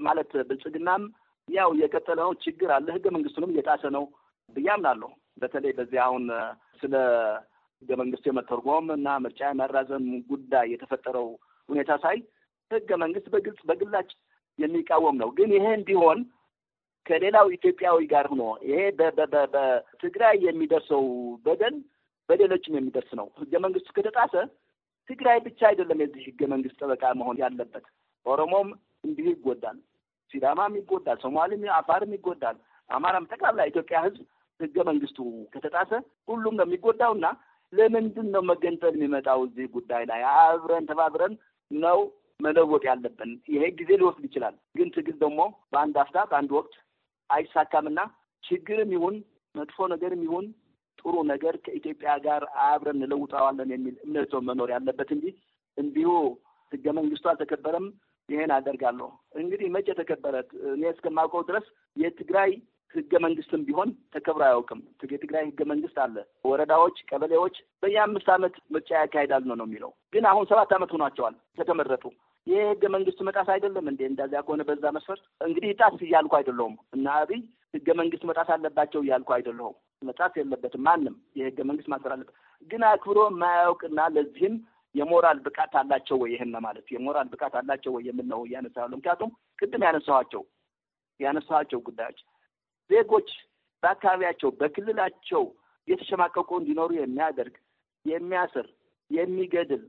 ማለት ብልጽግናም ያው የቀጠለ ነው። ችግር አለ። ህገ መንግስቱንም እየጣሰ ነው ብዬ አምናለሁ። በተለይ በዚህ አሁን ስለ ህገ መንግስቱ የመተርጎም እና ምርጫ የመራዘም ጉዳይ የተፈጠረው ሁኔታ ሳይ ህገ መንግስት በግልጽ በግላጭ የሚቃወም ነው። ግን ይሄ እንዲሆን ከሌላው ኢትዮጵያዊ ጋር ሆኖ ይሄ በትግራይ የሚደርሰው በደል በሌሎችም የሚደርስ ነው። ህገ መንግስቱ ከተጣሰ ትግራይ ብቻ አይደለም የዚህ ህገ መንግስት ጠበቃ መሆን ያለበት። ኦሮሞም እንዲሁ ይጎዳል፣ ሲዳማም ይጎዳል፣ ሶማሌም፣ አፋርም ይጎዳል፣ አማራም፣ ጠቅላላ ኢትዮጵያ ህዝብ ህገ መንግስቱ ከተጣሰ ሁሉም ነው የሚጎዳው እና ለምንድን ነው መገንጠል የሚመጣው? እዚህ ጉዳይ ላይ አብረን ተባብረን ነው መለወጥ ያለብን። ይሄ ጊዜ ሊወስድ ይችላል፣ ግን ትግል ደግሞ በአንድ አፍታ በአንድ ወቅት አይሳካምና ችግርም ይሁን መጥፎ ነገርም ይሁን ጥሩ ነገር ከኢትዮጵያ ጋር አብረን እንለውጠዋለን የሚል እምነት መኖር ያለበት እንጂ እንዲሁ ህገ መንግስቱ አልተከበረም ይሄን አደርጋለሁ እንግዲህ መቼ ተከበረ? እኔ እስከማውቀው ድረስ የትግራይ ህገ መንግስትም ቢሆን ተከብሮ አያውቅም። የትግራይ ህገ መንግስት አለ። ወረዳዎች፣ ቀበሌዎች በየአምስት ዓመት ምርጫ ያካሄዳል ነው ነው የሚለው ግን አሁን ሰባት ዓመት ሆኗቸዋል ከተመረጡ። ይህ ህገ መንግስት መጣስ አይደለም እንዴ? እንደዚያ ከሆነ በዛ መስፈርት እንግዲህ ጣስ እያልኩ አይደለሁም እና አብይ ህገ መንግስት መጣስ አለባቸው እያልኩ አይደለሁም። መጣስ የለበትም ማንም የህገ መንግስት ማሰር አለበት። ግን አክብሮ የማያውቅና ለዚህም የሞራል ብቃት አላቸው ወይ? ይህን ማለት የሞራል ብቃት አላቸው ወይ የምን ነው እያነሳ ያለው። ምክንያቱም ቅድም ያነሳኋቸው ያነሳኋቸው ጉዳዮች ዜጎች በአካባቢያቸው በክልላቸው የተሸማቀቁ እንዲኖሩ የሚያደርግ የሚያስር፣ የሚገድል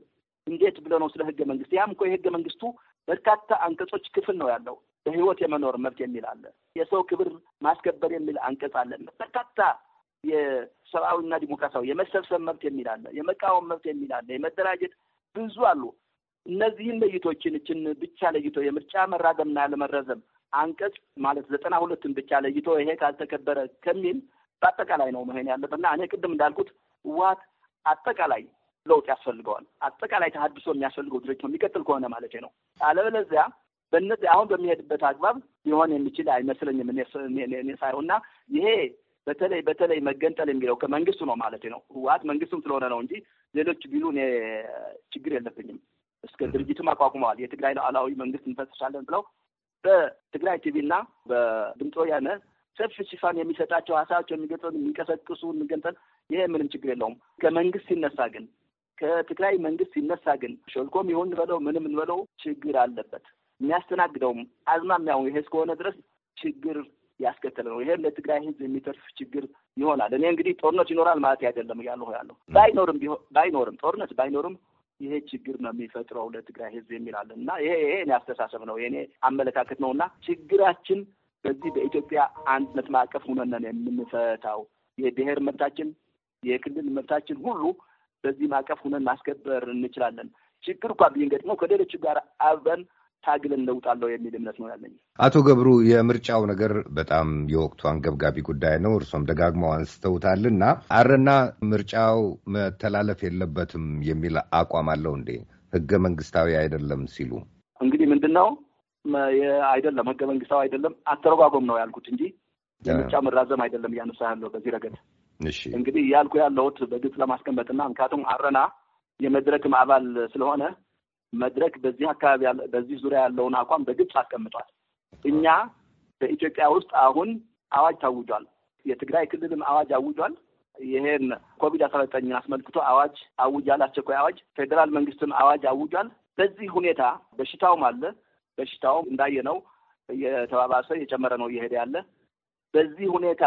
እንዴት ብለ ነው ስለ ህገ መንግስት። ያም እኮ የህገ መንግስቱ በርካታ አንቀጾች ክፍል ነው ያለው። በህይወት የመኖር መብት የሚል አለ፣ የሰው ክብር ማስከበር የሚል አንቀጽ አለ፣ በርካታ የሰብአዊና ዲሞክራሲያዊ የመሰብሰብ መብት የሚል አለ፣ የመቃወም መብት የሚል አለ፣ የመደራጀት ብዙ አሉ። እነዚህን ለይቶችን እችን ብቻ ለይቶ የምርጫ መራዘምና ያለመረዘም አንቀጽ ማለት ዘጠና ሁለትን ብቻ ለይቶ ይሄ ካልተከበረ ከሚል በአጠቃላይ ነው መሆን ያለበትና እኔ ቅድም እንዳልኩት ህወሓት አጠቃላይ ለውጥ ያስፈልገዋል። አጠቃላይ ተሀድሶ የሚያስፈልገው ድርጅት የሚቀጥል ከሆነ ማለት ነው። አለበለዚያ በእነዚህ አሁን በሚሄድበት አግባብ ሊሆን የሚችል አይመስለኝም እኔ እና ይሄ በተለይ በተለይ መገንጠል የሚለው ከመንግስቱ ነው ማለት ነው። ህወሀት መንግስቱም ስለሆነ ነው እንጂ ሌሎች ቢሉ እኔ ችግር የለብኝም። እስከ ድርጅትም አቋቁመዋል። የትግራይ ሉዓላዊ መንግስት እንፈትሻለን ብለው በትግራይ እና በድምፅ ወያነ ሰፊ ሽፋን የሚሰጣቸው ሀሳባቸው የሚገጠሉ የሚንቀሰቅሱ እንገንጠል፣ ይሄ ምንም ችግር የለውም። ከመንግስት ሲነሳ ግን ከትግራይ መንግስት ሲነሳ ግን ሸልኮም ይሁን እንበለው ምንም እንበለው ችግር አለበት። የሚያስተናግደውም አዝማሚያው ይሄ እስከሆነ ድረስ ችግር ያስከተለ ነው። ይሄም ለትግራይ ህዝብ የሚተርፍ ችግር ይሆናል። እኔ እንግዲህ ጦርነት ይኖራል ማለት አይደለም ያለሁ ያለው ባይኖርም ባይኖርም ጦርነት ባይኖርም ይሄ ችግር ነው የሚፈጥረው ለትግራይ ህዝብ የሚላለን እና ይሄ ይሄ እኔ አስተሳሰብ ነው የኔ አመለካከት ነው እና ችግራችን በዚህ በኢትዮጵያ አንድነት ማዕቀፍ ሁነን የምንፈታው የብሔር መብታችን የክልል መብታችን ሁሉ በዚህ ማዕቀፍ ሁነን ማስከበር እንችላለን። ችግር እንኳ ቢንገጥመው ከሌሎች ጋር አብረን ታግል እንለውጣለሁ የሚል እምነት ነው ያለኝ። አቶ ገብሩ፣ የምርጫው ነገር በጣም የወቅቱ አንገብጋቢ ጉዳይ ነው። እርሶም ደጋግመው አንስተውታልና አረና ምርጫው መተላለፍ የለበትም የሚል አቋም አለው እንዴ? ህገ መንግስታዊ አይደለም ሲሉ እንግዲህ ምንድን ነው አይደለም፣ ህገ መንግስታዊ አይደለም አተረጓጎም ነው ያልኩት እንጂ የምርጫ መራዘም አይደለም እያነሳ ያለው በዚህ ረገድ እንግዲህ እያልኩ ያለሁት በግልጽ ለማስቀመጥና ምክንያቱም አረና የመድረክም አባል ስለሆነ መድረክ በዚህ አካባቢ በዚህ ዙሪያ ያለውን አቋም በግልጽ አስቀምጧል። እኛ በኢትዮጵያ ውስጥ አሁን አዋጅ ታውጇል። የትግራይ ክልልም አዋጅ አውጇል። ይሄን ኮቪድ አስራ ዘጠኝን አስመልክቶ አዋጅ አውጇል። አስቸኳይ አዋጅ ፌዴራል መንግስትም አዋጅ አውጇል። በዚህ ሁኔታ በሽታውም አለ። በሽታውም እንዳየነው የተባባሰ የጨመረ ነው እየሄደ ያለ በዚህ ሁኔታ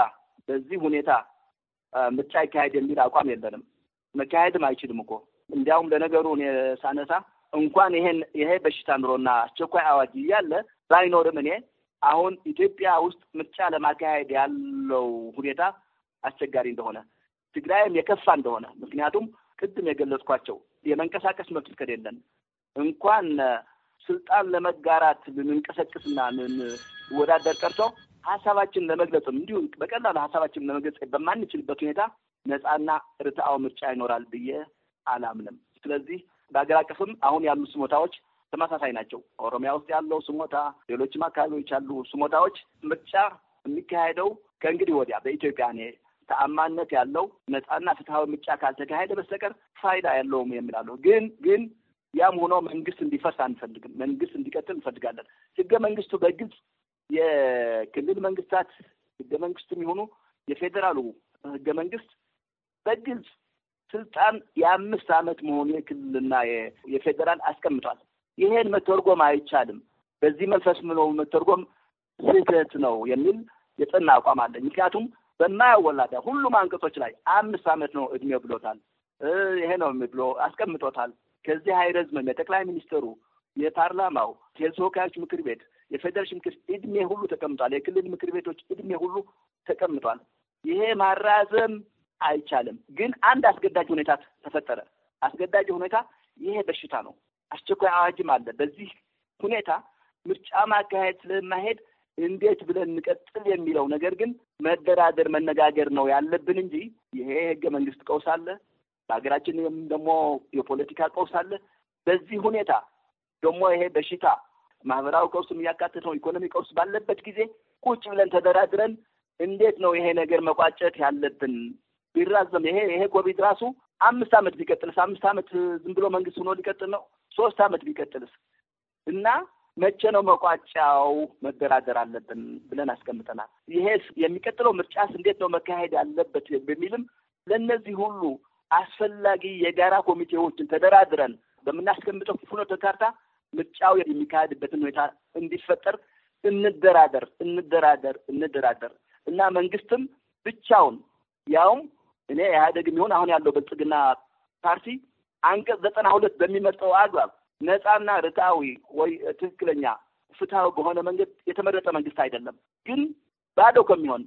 በዚህ ሁኔታ ምርጫ ይካሄድ የሚል አቋም የለንም። መካሄድም አይችልም እኮ እንዲያውም ለነገሩ እኔ ሳነሳ እንኳን ይሄን ይሄ በሽታ ኑሮና አስቸኳይ አዋጅ እያለ ባይኖርም እኔ አሁን ኢትዮጵያ ውስጥ ምርጫ ለማካሄድ ያለው ሁኔታ አስቸጋሪ እንደሆነ ትግራይም የከፋ እንደሆነ ምክንያቱም ቅድም የገለጽኳቸው የመንቀሳቀስ መብት ከሌለን እንኳን ስልጣን ለመጋራት ልንንቀሰቅስና ልንወዳደር ቀርቶ ሀሳባችን ለመግለጽም እንዲሁ በቀላሉ ሀሳባችን ለመግለጽ በማንችልበት ሁኔታ ነፃና ርትዓው ምርጫ ይኖራል ብዬ አላምንም። ስለዚህ በሀገር አቀፍም አሁን ያሉ ስሞታዎች ተመሳሳይ ናቸው። ኦሮሚያ ውስጥ ያለው ስሞታ፣ ሌሎችም አካባቢዎች ያሉ ስሞታዎች ምርጫ የሚካሄደው ከእንግዲህ ወዲያ በኢትዮጵያ እኔ ተአማንነት ያለው ነፃና ፍትሐዊ ምርጫ ካልተካሄደ በስተቀር ፋይዳ ያለውም የሚላሉ ግን ግን ያም ሆኖ መንግስት እንዲፈርስ አንፈልግም። መንግስት እንዲቀጥል እንፈልጋለን። ህገ መንግስቱ በግልጽ የክልል መንግስታት ህገ መንግስትም የሆኑ የፌዴራሉ ህገ መንግስት በግልጽ ስልጣን የአምስት ዓመት መሆኑ የክልልና የፌዴራል አስቀምጧል። ይሄን መተርጎም አይቻልም። በዚህ መንፈስ ምኖ መተርጎም ስህተት ነው የሚል የጽና አቋም አለኝ። ምክንያቱም በማያወላዳ ሁሉም አንቀጾች ላይ አምስት ዓመት ነው እድሜ ብሎታል። ይሄ ነው ብሎ አስቀምጦታል። ከዚህ አይረዝምም። የጠቅላይ ሚኒስትሩ፣ የፓርላማው፣ የተወካዮች ምክር ቤት የፌዴሬሽን ምክር እድሜ ሁሉ ተቀምጧል። የክልል ምክር ቤቶች እድሜ ሁሉ ተቀምጧል። ይሄ ማራዘም አይቻልም። ግን አንድ አስገዳጅ ሁኔታ ተፈጠረ። አስገዳጅ ሁኔታ ይሄ በሽታ ነው። አስቸኳይ አዋጅም አለ። በዚህ ሁኔታ ምርጫ ማካሄድ ስለማሄድ እንዴት ብለን እንቀጥል የሚለው ነገር ግን መደራደር መነጋገር ነው ያለብን እንጂ ይሄ ህገ መንግስት ቀውስ አለ፣ በሀገራችን ደግሞ የፖለቲካ ቀውስ አለ። በዚህ ሁኔታ ደግሞ ይሄ በሽታ ማህበራዊ ቀውስም እያካተት ነው። ኢኮኖሚ ቀውስ ባለበት ጊዜ ቁጭ ብለን ተደራድረን እንዴት ነው ይሄ ነገር መቋጨት ያለብን? ቢራዘም ይሄ ይሄ ኮቪድ ራሱ አምስት ዓመት ቢቀጥልስ? አምስት ዓመት ዝም ብሎ መንግስት ሆኖ ሊቀጥል ነው? ሶስት ዓመት ቢቀጥልስ? እና መቼ ነው መቋጫው መደራደር አለብን ብለን አስቀምጠናል። ይሄስ የሚቀጥለው ምርጫስ እንዴት ነው መካሄድ ያለበት በሚልም ለእነዚህ ሁሉ አስፈላጊ የጋራ ኮሚቴዎችን ተደራድረን በምናስቀምጠው ፍኖተ ካርታ ምርጫው የሚካሄድበትን ሁኔታ እንዲፈጠር እንደራደር እንደራደር እንደራደር እና መንግስትም ብቻውን ያውም እኔ ኢህአደግ የሚሆን አሁን ያለው ብልጽግና ፓርቲ አንቀጽ ዘጠና ሁለት በሚመርጠው አግባብ ነፃና ርታዊ ወይ ትክክለኛ ፍትሐዊ በሆነ መንገድ የተመረጠ መንግስት አይደለም። ግን ባዶ ከሚሆን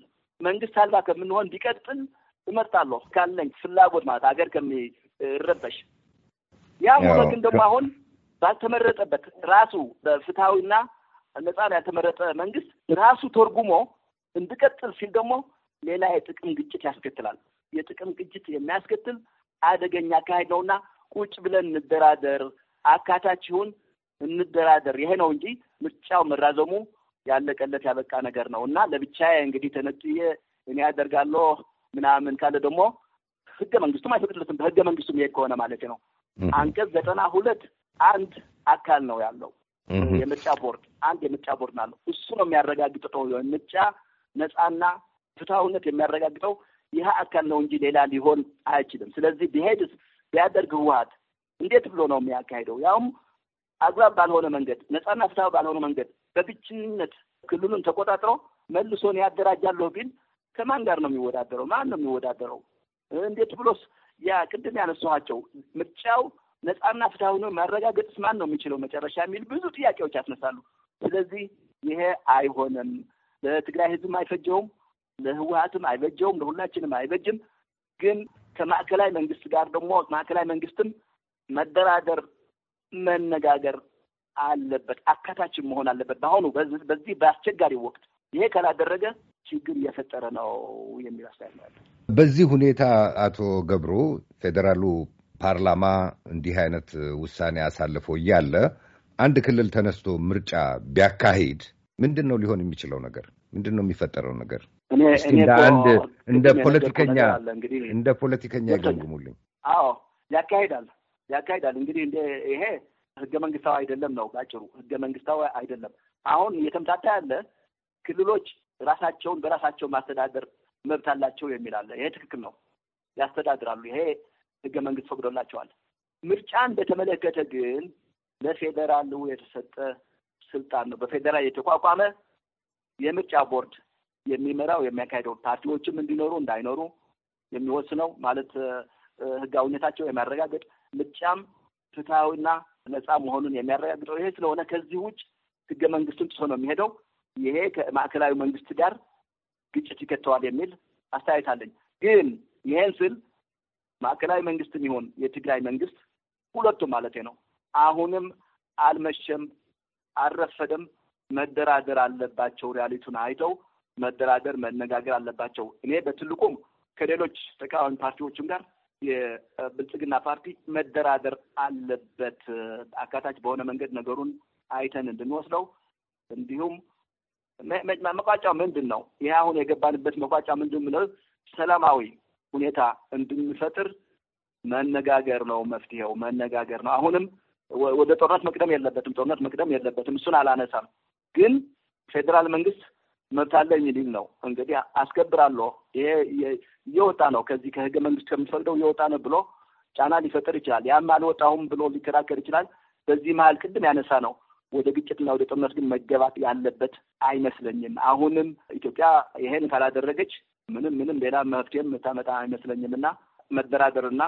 መንግስት አልባ ከምንሆን ቢቀጥል እመርጣለሁ ካለኝ ፍላጎት ማለት ሀገር ከሚረበሽ ያም ሁለትን ደግሞ አሁን ባልተመረጠበት ራሱ በፍትሐዊና ነፃን ያልተመረጠ መንግስት ራሱ ተርጉሞ እንድቀጥል ሲል ደግሞ ሌላ የጥቅም ግጭት ያስከትላል። የጥቅም ግጭት የሚያስከትል አደገኛ አካሄድ ነውና ቁጭ ብለን እንደራደር፣ አካታች ይሁን እንደራደር። ይሄ ነው እንጂ ምርጫው መራዘሙ ያለቀለት ያበቃ ነገር ነው እና ለብቻዬ እንግዲህ ተነጥዬ እኔ ያደርጋለሁ ምናምን ካለ ደግሞ ህገ መንግስቱም አይፈቅድለትም። በህገ መንግስቱም ይሄድ ከሆነ ማለት ነው አንቀጽ ዘጠና ሁለት አንድ አካል ነው ያለው የምርጫ ቦርድ አንድ የምርጫ ቦርድ ነው ያለው። እሱ ነው የሚያረጋግጠው የምርጫ ነፃና ፍትሐዊነት የሚያረጋግጠው ይህ አካል ነው እንጂ ሌላ ሊሆን አይችልም። ስለዚህ ቢሄድስ ቢያደርግ ህወሀት እንዴት ብሎ ነው የሚያካሄደው? ያውም አግባብ ባልሆነ መንገድ፣ ነፃና ፍትሐዊ ባልሆነ መንገድ በብቸኝነት ክልሉን ተቆጣጥሮ መልሶን ያደራጃለሁ ቢል ከማን ጋር ነው የሚወዳደረው? ማን ነው የሚወዳደረው? እንዴት ብሎስ ያ ቅድም ያነሳኋቸው ምርጫው ነፃና ፍትሐዊ ነው ማረጋገጥስ ማን ነው የሚችለው መጨረሻ የሚል ብዙ ጥያቄዎች ያስነሳሉ። ስለዚህ ይሄ አይሆንም፣ ለትግራይ ህዝብም አይፈጀውም፣ ለህወሀትም አይበጀውም፣ ለሁላችንም አይበጅም። ግን ከማዕከላዊ መንግስት ጋር ደግሞ ማዕከላዊ መንግስትም መደራደር መነጋገር አለበት፣ አካታችን መሆን አለበት። በአሁኑ በዚህ በአስቸጋሪ ወቅት ይሄ ካላደረገ ችግር እየፈጠረ ነው የሚል አስተያየት ነው ያለ። በዚህ ሁኔታ አቶ ገብሩ ፌዴራሉ ፓርላማ እንዲህ አይነት ውሳኔ አሳልፎ እያለ አንድ ክልል ተነስቶ ምርጫ ቢያካሂድ ምንድን ነው ሊሆን የሚችለው ነገር? ምንድን ነው የሚፈጠረው ነገር? እንደ አንድ እንደ ፖለቲከኛ እንደ ፖለቲከኛ ይገምግሙልኝ። አዎ ያካሄዳል ያካሄዳል። እንግዲህ እንደ ይሄ ህገ መንግስታዊ አይደለም ነው ባጭሩ፣ ህገ መንግስታዊ አይደለም። አሁን እየተምታታ ያለ ክልሎች ራሳቸውን በራሳቸው ማስተዳደር መብት አላቸው የሚል አለ። ይሄ ትክክል ነው፣ ያስተዳድራሉ። ይሄ ህገ መንግስት ፈቅዶላቸዋል። ምርጫን በተመለከተ ግን ለፌዴራሉ የተሰጠ ስልጣን ነው። በፌዴራል የተቋቋመ የምርጫ ቦርድ የሚመራው የሚያካሄደው ፓርቲዎችም እንዲኖሩ እንዳይኖሩ የሚወስነው ማለት ህጋዊነታቸው የሚያረጋግጥ ምርጫም ፍትሐዊና ነፃ መሆኑን የሚያረጋግጠው ይሄ ስለሆነ ከዚህ ውጭ ህገ መንግስቱን ጥሶ ነው የሚሄደው። ይሄ ከማዕከላዊ መንግስት ጋር ግጭት ይከተዋል የሚል አስተያየት አለኝ። ግን ይሄን ስል ማዕከላዊ መንግስትም ይሁን የትግራይ መንግስት ሁለቱም ማለት ነው አሁንም አልመሸም፣ አልረፈደም። መደራደር አለባቸው። ሪያሊቱን አይተው መደራደር፣ መነጋገር አለባቸው። እኔ በትልቁም ከሌሎች ተቃዋሚ ፓርቲዎችም ጋር የብልጽግና ፓርቲ መደራደር አለበት። አካታች በሆነ መንገድ ነገሩን አይተን እንድንወስደው እንዲሁም መቋጫው ምንድን ነው? ይህ አሁን የገባንበት መቋጫ ምንድን ነው? ሰላማዊ ሁኔታ እንድንፈጥር መነጋገር ነው መፍትሄው፣ መነጋገር ነው። አሁንም ወደ ጦርነት መቅደም የለበትም፣ ጦርነት መቅደም የለበትም። እሱን አላነሳም። ግን ፌዴራል መንግስት መብት አለኝ የሚል ነው እንግዲህ አስከብራለሁ፣ ይሄ እየወጣ ነው ከዚህ ከህገ መንግስት ከሚፈቅደው እየወጣ ነው ብሎ ጫና ሊፈጠር ይችላል። ያም አልወጣሁም ብሎ ሊከራከር ይችላል። በዚህ መሀል ቅድም ያነሳ ነው ወደ ግጭትና ወደ ጦርነት ግን መገባት ያለበት አይመስለኝም። አሁንም ኢትዮጵያ ይሄን ካላደረገች ምንም ምንም ሌላ መፍትሄም የምታመጣ አይመስለኝም እና መደራደርና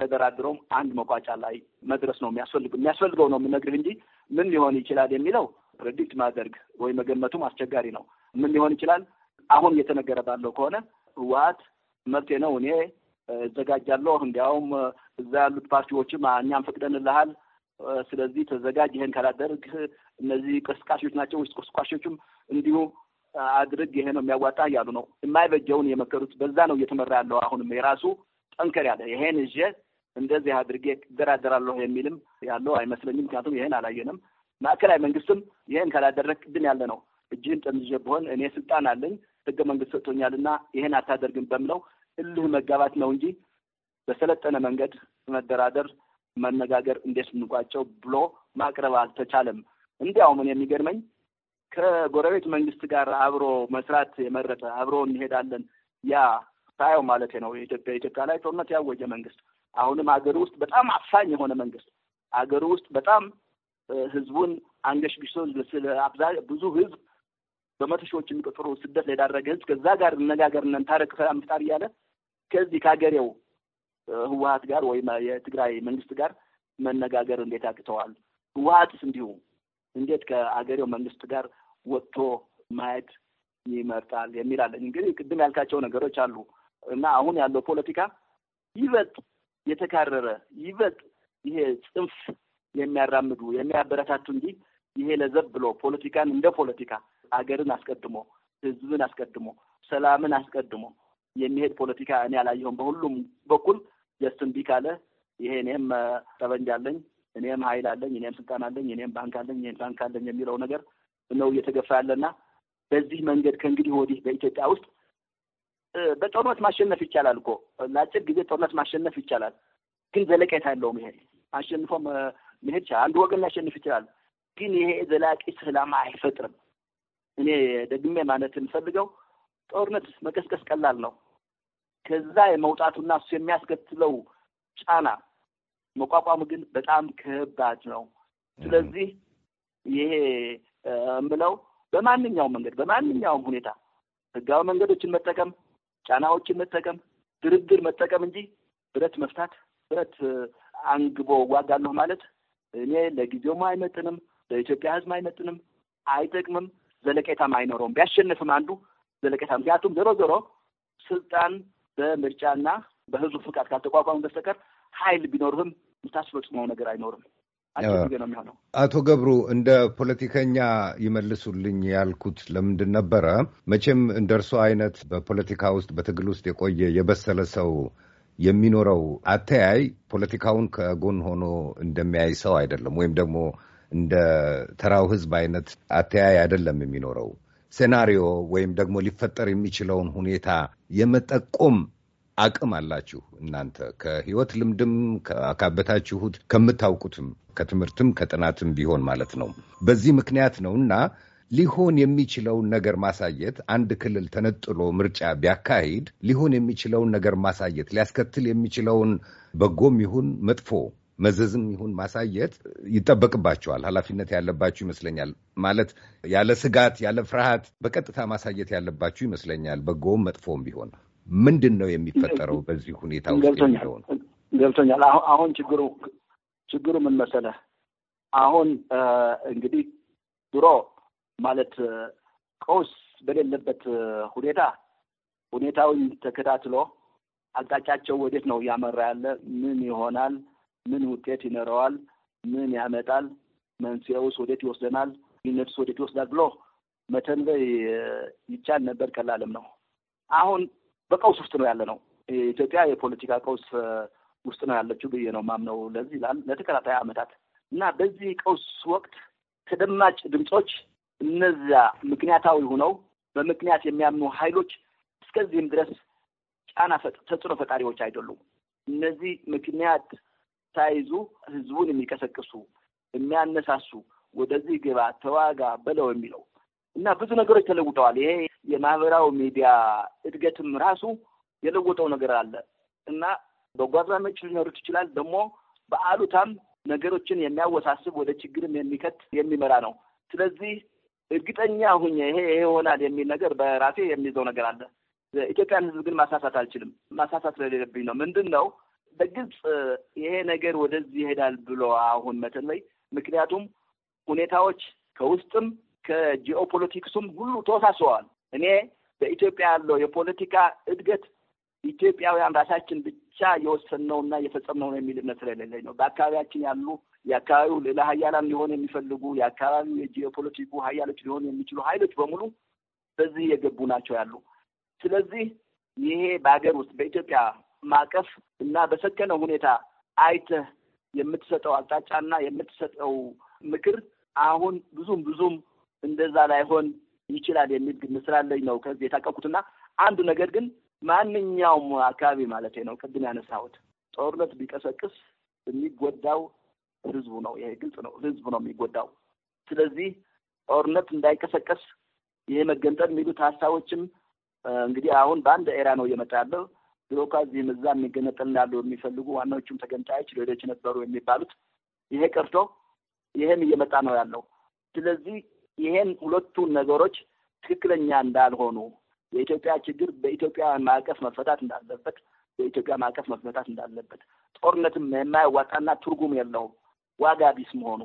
ተደራድሮም አንድ መቋጫ ላይ መድረስ ነው የሚያስፈልግ የሚያስፈልገው ነው የምነግርህ እንጂ ምን ሊሆን ይችላል የሚለው ፕሬዲክት ማድረግ ወይ መገመቱም አስቸጋሪ ነው። ምን ሊሆን ይችላል አሁን እየተነገረ ባለው ከሆነ ህወሓት መብቴ ነው እኔ እዘጋጃለሁ፣ እንዲያውም እዛ ያሉት ፓርቲዎችም እኛም ፈቅደንልሃል፣ ስለዚህ ተዘጋጅ፣ ይሄን ካላደርግ እነዚህ ቅስቃሴዎች ናቸው ውስጥ ቅስቃሴዎችም እንዲሁ አድርግ፣ ይሄ ነው የሚያዋጣ እያሉ ነው የማይበጀውን የመከሩት። በዛ ነው እየተመራ ያለው። አሁንም የራሱ ጠንከር ያለ ይሄን እ እንደዚህ አድርጌ እደራደራለሁ የሚልም ያለው አይመስለኝም። ምክንያቱም ይሄን አላየንም። ማዕከላዊ መንግስትም ይሄን ካላደረግ ብን ያለ ነው እጅህን ጠምዝዤ ብሆን እኔ ስልጣን አለኝ ህገ መንግስት ሰጥቶኛልና ይሄን አታደርግም በምለው እልህ መጋባት ነው እንጂ በሰለጠነ መንገድ መደራደር፣ መነጋገር እንዴት እንቋጨው ብሎ ማቅረብ አልተቻለም። እንዲያውም እኔ የሚገርመኝ ከጎረቤት መንግስት ጋር አብሮ መስራት የመረጠ አብሮ እንሄዳለን ያ ሳየው ማለት ነው። የኢትዮጵያ ኢትዮጵያ ላይ ጦርነት ያወጀ መንግስት አሁንም አገር ውስጥ በጣም አፋኝ የሆነ መንግስት አገር ውስጥ በጣም ህዝቡን አንገሽ ቢሶ አብዛ ብዙ ህዝብ በመቶ ሺዎች የሚቆጠሩ ስደት ላይ ዳረገ ህዝብ ከዛ ጋር እነጋገር እንታረቅ ሰላም ፍጣር እያለ ከዚህ ከሀገሬው ህወሀት ጋር ወይም የትግራይ መንግስት ጋር መነጋገር እንዴት አቅተዋል? ህወሀትስ እንዲሁ እንዴት ከአገሬው መንግስት ጋር ወጥቶ ማየት ይመርጣል የሚላል እንግዲህ ቅድም ያልካቸው ነገሮች አሉ እና አሁን ያለው ፖለቲካ ይበጥ የተካረረ ይበጥ ይሄ ጽንፍ የሚያራምዱ የሚያበረታቱ እንጂ ይሄ ለዘብ ብሎ ፖለቲካን እንደ ፖለቲካ አገርን አስቀድሞ ህዝብን አስቀድሞ ሰላምን አስቀድሞ የሚሄድ ፖለቲካ እኔ አላየሁም። በሁሉም በኩል ጀስት እምቢ ካለ ይሄ እኔም ጠበንጃለኝ እኔም ኃይል አለኝ፣ እኔም ስልጣን አለኝ፣ እኔም ባንክ አለኝ፣ እኔም ባንክ አለኝ የሚለው ነገር ነው እየተገፋ ያለና በዚህ መንገድ ከእንግዲህ ወዲህ በኢትዮጵያ ውስጥ በጦርነት ማሸነፍ ይቻላል እኮ ለአጭር ጊዜ ጦርነት ማሸነፍ ይቻላል፣ ግን ዘለቄታ የለውም። ይሄ አሸንፎ መሄድ ይቻላል፣ አንድ ወገን ሊያሸንፍ ይችላል፣ ግን ይሄ ዘላቂ ሰላም አይፈጥርም። እኔ ደግሜ ማለት የምፈልገው ጦርነት መቀስቀስ ቀላል ነው። ከዛ የመውጣቱና እሱ የሚያስከትለው ጫና መቋቋሙ ግን በጣም ከባድ ነው። ስለዚህ ይሄ የምለው በማንኛውም መንገድ በማንኛውም ሁኔታ ህጋዊ መንገዶችን መጠቀም፣ ጫናዎችን መጠቀም፣ ድርድር መጠቀም እንጂ ብረት መፍታት ብረት አንግቦ ዋጋለሁ ማለት እኔ ለጊዜውም አይመጥንም፣ ለኢትዮጵያ ህዝብ አይመጥንም፣ አይጠቅምም፣ ዘለቄታም አይኖረውም። ቢያሸንፍም አንዱ ዘለቄታ ምክንያቱም ዞሮ ዞሮ ስልጣን በምርጫና በህዝቡ ፍቃድ ካልተቋቋሙ በስተቀር ኃይል ቢኖርህም የምታስፈጽመው ነገር አይኖርም። አቶ ገብሩ እንደ ፖለቲከኛ ይመልሱልኝ ያልኩት ለምንድን ነበረ? መቼም እንደ እርሶ አይነት በፖለቲካ ውስጥ በትግል ውስጥ የቆየ የበሰለ ሰው የሚኖረው አተያይ ፖለቲካውን ከጎን ሆኖ እንደሚያይ ሰው አይደለም፣ ወይም ደግሞ እንደ ተራው ሕዝብ አይነት አተያይ አይደለም የሚኖረው ሴናሪዮ ወይም ደግሞ ሊፈጠር የሚችለውን ሁኔታ የመጠቆም አቅም አላችሁ እናንተ ከህይወት ልምድም ካካበታችሁት ከምታውቁትም ከትምህርትም ከጥናትም ቢሆን ማለት ነው። በዚህ ምክንያት ነው እና ሊሆን የሚችለውን ነገር ማሳየት አንድ ክልል ተነጥሎ ምርጫ ቢያካሂድ ሊሆን የሚችለውን ነገር ማሳየት ሊያስከትል የሚችለውን በጎም ይሁን መጥፎ መዘዝም ይሁን ማሳየት ይጠበቅባቸዋል። ኃላፊነት ያለባችሁ ይመስለኛል። ማለት ያለ ስጋት ያለ ፍርሃት በቀጥታ ማሳየት ያለባችሁ ይመስለኛል። በጎም መጥፎም ቢሆን ምንድን ነው የሚፈጠረው በዚህ ሁኔታ ውስጥ ገብቶኛል። አሁን ችግሩ ችግሩ ምን መሰለህ? አሁን እንግዲህ ድሮ ማለት ቀውስ በሌለበት ሁኔታ ሁኔታውን ተከታትሎ አቅጣጫቸው ወዴት ነው እያመራ ያለ፣ ምን ይሆናል፣ ምን ውጤት ይኖረዋል፣ ምን ያመጣል፣ መንስኤውስ ወዴት ይወስደናል፣ ይነቱስ ወዴት ይወስዳል ብሎ መተንበይ ይቻል ነበር። ቀላልም ነው። አሁን በቀውስ ውስጥ ነው ያለ ነው። ኢትዮጵያ የፖለቲካ ቀውስ ውስጥ ነው ያለችው ብዬ ነው ማምነው። ለዚህ ላል ለተከታታይ ዓመታት እና በዚህ ቀውስ ወቅት ተደማጭ ድምፆች እነዚያ ምክንያታዊ ሆነው በምክንያት የሚያምኑ ኃይሎች እስከዚህም ድረስ ጫና ተጽዕኖ ፈጣሪዎች አይደሉም። እነዚህ ምክንያት ሳይዙ ህዝቡን የሚቀሰቅሱ የሚያነሳሱ፣ ወደዚህ ግባ፣ ተዋጋ፣ በለው የሚለው እና ብዙ ነገሮች ተለውጠዋል። ይሄ የማህበራዊ ሚዲያ እድገትም ራሱ የለወጠው ነገር አለ እና በጎ አዝማሚያዎች ሊኖሩት ይችላል። ደግሞ በአሉታም ነገሮችን የሚያወሳስብ ወደ ችግርም የሚከት የሚመራ ነው። ስለዚህ እርግጠኛ ሁኜ ይሄ ይሄ ይሆናል የሚል ነገር በራሴ የሚይዘው ነገር አለ። ኢትዮጵያን ሕዝብ ግን ማሳሳት አልችልም። ማሳሳት ስለሌለብኝ ነው። ምንድን ነው በግልጽ ይሄ ነገር ወደዚህ ይሄዳል ብሎ አሁን መተንበይ፣ ምክንያቱም ሁኔታዎች ከውስጥም ከጂኦፖለቲክሱም ሁሉ ተወሳስበዋል። እኔ በኢትዮጵያ ያለው የፖለቲካ እድገት ኢትዮጵያውያን ራሳችን ብቻ የወሰንነውና የፈጸምነው ነው የሚል እምነት ስለሌለኝ ነው። በአካባቢያችን ያሉ የአካባቢው ሌላ ሀያላን ሊሆን የሚፈልጉ የአካባቢው የጂኦፖለቲኩ ሀያሎች ሊሆኑ የሚችሉ ሀይሎች በሙሉ በዚህ የገቡ ናቸው ያሉ። ስለዚህ ይሄ በሀገር ውስጥ በኢትዮጵያ ማቀፍ እና በሰከነ ሁኔታ አይተህ የምትሰጠው አቅጣጫና የምትሰጠው ምክር አሁን ብዙም ብዙም እንደዛ ላይሆን ይችላል የሚል ግምት ስላለኝ ነው ከዚህ የታቀቁትና አንዱ ነገር ግን ማንኛውም አካባቢ ማለት ነው ቅድም ያነሳሁት ጦርነት ቢቀሰቅስ የሚጎዳው ህዝቡ ነው። ይሄ ግልጽ ነው። ህዝቡ ነው የሚጎዳው። ስለዚህ ጦርነት እንዳይቀሰቀስ ይሄ መገንጠል የሚሉት ሀሳቦችም እንግዲህ አሁን በአንድ ኤራ ነው እየመጣ ያለው። ድሮ እኮ እዚህም የሚገነጠል ያሉ የሚፈልጉ ዋናዎቹም ተገንጣዮች ሌሎች ነበሩ የሚባሉት ይሄ ቀርቶ ይሄም እየመጣ ነው ያለው። ስለዚህ ይሄን ሁለቱን ነገሮች ትክክለኛ እንዳልሆኑ የኢትዮጵያ ችግር በኢትዮጵያ ማዕቀፍ መፈታት እንዳለበት በኢትዮጵያ ማዕቀፍ መፈታት እንዳለበት ጦርነትም የማያዋጣና ትርጉም የለውም ዋጋ ቢስ መሆኑ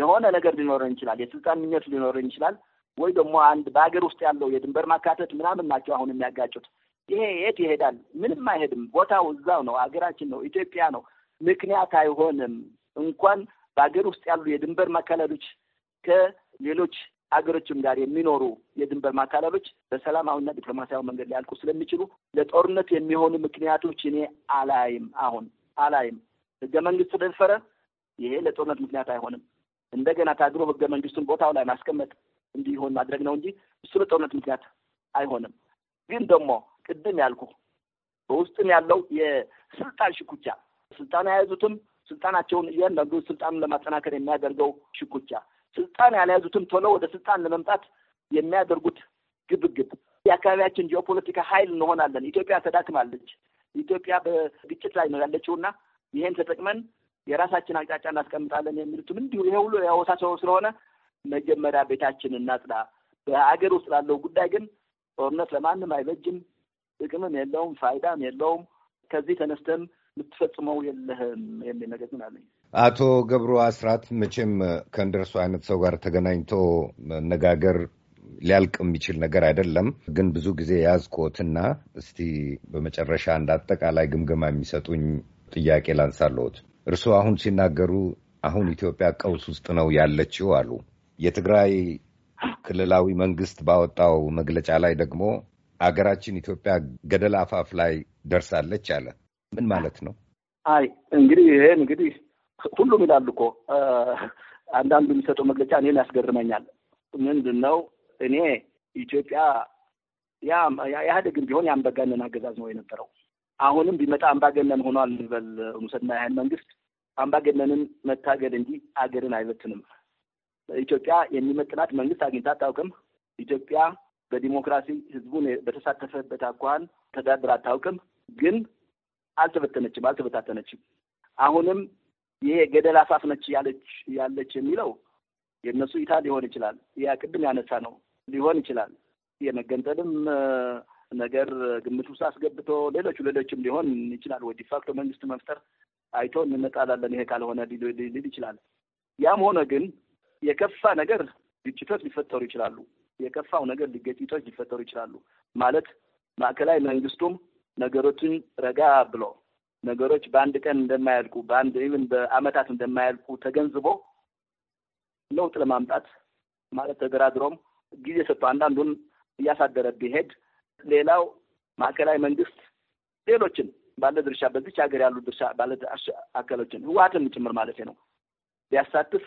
የሆነ ነገር ሊኖረን ይችላል፣ የስልጣን ምኞት ሊኖረን ይችላል ወይ ደግሞ አንድ በሀገር ውስጥ ያለው የድንበር ማካተት ምናምን ናቸው አሁን የሚያጋጩት። ይሄ የት ይሄዳል? ምንም አይሄድም። ቦታው እዛው ነው፣ ሀገራችን ነው፣ ኢትዮጵያ ነው። ምክንያት አይሆንም። እንኳን በሀገር ውስጥ ያሉ የድንበር መከለሎች ሌሎች አገሮችም ጋር የሚኖሩ የድንበር ማካለሎች በሰላማዊና ዲፕሎማሲያዊ መንገድ ሊያልቁ ስለሚችሉ ለጦርነት የሚሆኑ ምክንያቶች እኔ አላይም። አሁን አላይም። ህገ መንግስት ስለደፈረ ይሄ ለጦርነት ምክንያት አይሆንም። እንደገና ታግሎ ህገ መንግስቱን ቦታው ላይ ማስቀመጥ እንዲሆን ማድረግ ነው እንጂ እሱ ለጦርነት ምክንያት አይሆንም። ግን ደግሞ ቅድም ያልኩ በውስጥም ያለው የስልጣን ሽኩቻ ስልጣን የያዙትም ስልጣናቸውን እያንዳንዱ ስልጣኑን ለማጠናከር የሚያደርገው ሽኩቻ ስልጣን ያልያዙትን ቶሎ ወደ ስልጣን ለመምጣት የሚያደርጉት ግብግብ የአካባቢያችን ጂኦፖለቲካ ኃይል እንሆናለን። ኢትዮጵያ ተዳክማለች። ኢትዮጵያ በግጭት ላይ ነው ያለችው እና ይሄን ተጠቅመን የራሳችን አቅጣጫ እናስቀምጣለን የሚሉትም እንዲሁ ይሄ ሁሉ ያወሳሰበው ስለሆነ መጀመሪያ ቤታችን እናጽዳ። በሀገር ውስጥ ላለው ጉዳይ ግን ጦርነት ለማንም አይበጅም። ጥቅምም የለውም፣ ፋይዳም የለውም። ከዚህ ተነስተን የምትፈጽመው የለህም የሚል ነገር ግን አለኝ። አቶ ገብሩ አስራት መቼም ከእንደርሱ አይነት ሰው ጋር ተገናኝቶ መነጋገር ሊያልቅ የሚችል ነገር አይደለም። ግን ብዙ ጊዜ ያዝቆትና እስቲ በመጨረሻ እንደ አጠቃላይ ግምገማ የሚሰጡኝ ጥያቄ ላንሳለሁት። እርስዎ አሁን ሲናገሩ አሁን ኢትዮጵያ ቀውስ ውስጥ ነው ያለችው አሉ። የትግራይ ክልላዊ መንግስት ባወጣው መግለጫ ላይ ደግሞ አገራችን ኢትዮጵያ ገደል አፋፍ ላይ ደርሳለች አለ። ምን ማለት ነው? አይ እንግዲህ ይሄ እንግዲህ ሁሉም ይላሉ እኮ አንዳንዱ የሚሰጠው መግለጫ እኔን ያስገርመኛል። ምንድን ነው እኔ ኢትዮጵያ ኢህአዴግን ቢሆን የአምባገነን አገዛዝ ነው የነበረው። አሁንም ቢመጣ አምባገነን ሆኗል ልበል ሙሰድና ያህል መንግስት አምባገነንን መታገድ እንጂ አገርን አይበትንም። ኢትዮጵያ የሚመጥናት መንግስት አግኝታ አታውቅም። ኢትዮጵያ በዲሞክራሲ ህዝቡን በተሳተፈበት አኳኋን ተዳድር አታውቅም። ግን አልተበተነችም፣ አልተበታተነችም። አሁንም ይሄ ገደል አፋፍ ነች ያለች ያለች የሚለው የእነሱ ኢታ ሊሆን ይችላል። ያ ቅድም ያነሳ ነው ሊሆን ይችላል። የመገንጠልም ነገር ግምት ውስጥ አስገብቶ ሌሎች ሌሎችም ሊሆን ይችላል። ወይ ዲፋክቶ መንግስት መፍጠር አይቶ እንመጣላለን ይሄ ካልሆነ ሊል ይችላል። ያም ሆነ ግን የከፋ ነገር ግጭቶች ሊፈጠሩ ይችላሉ። የከፋው ነገር ግጭቶች ሊፈጠሩ ይችላሉ ማለት ማዕከላዊ መንግስቱም ነገሮችን ረጋ ብሎ ነገሮች በአንድ ቀን እንደማያልቁ በአንድ ኢቭን በአመታት እንደማያልቁ ተገንዝቦ ለውጥ ለማምጣት ማለት ተደራድሮም ጊዜ ሰጥቶ አንዳንዱን እያሳደረ ቢሄድ ሌላው ማዕከላዊ መንግስት ሌሎችን ባለ ድርሻ በዚች ሀገር ያሉ ድርሻ ባለ አካሎችን ህወሀትን ጭምር ማለት ነው ሊያሳትፍ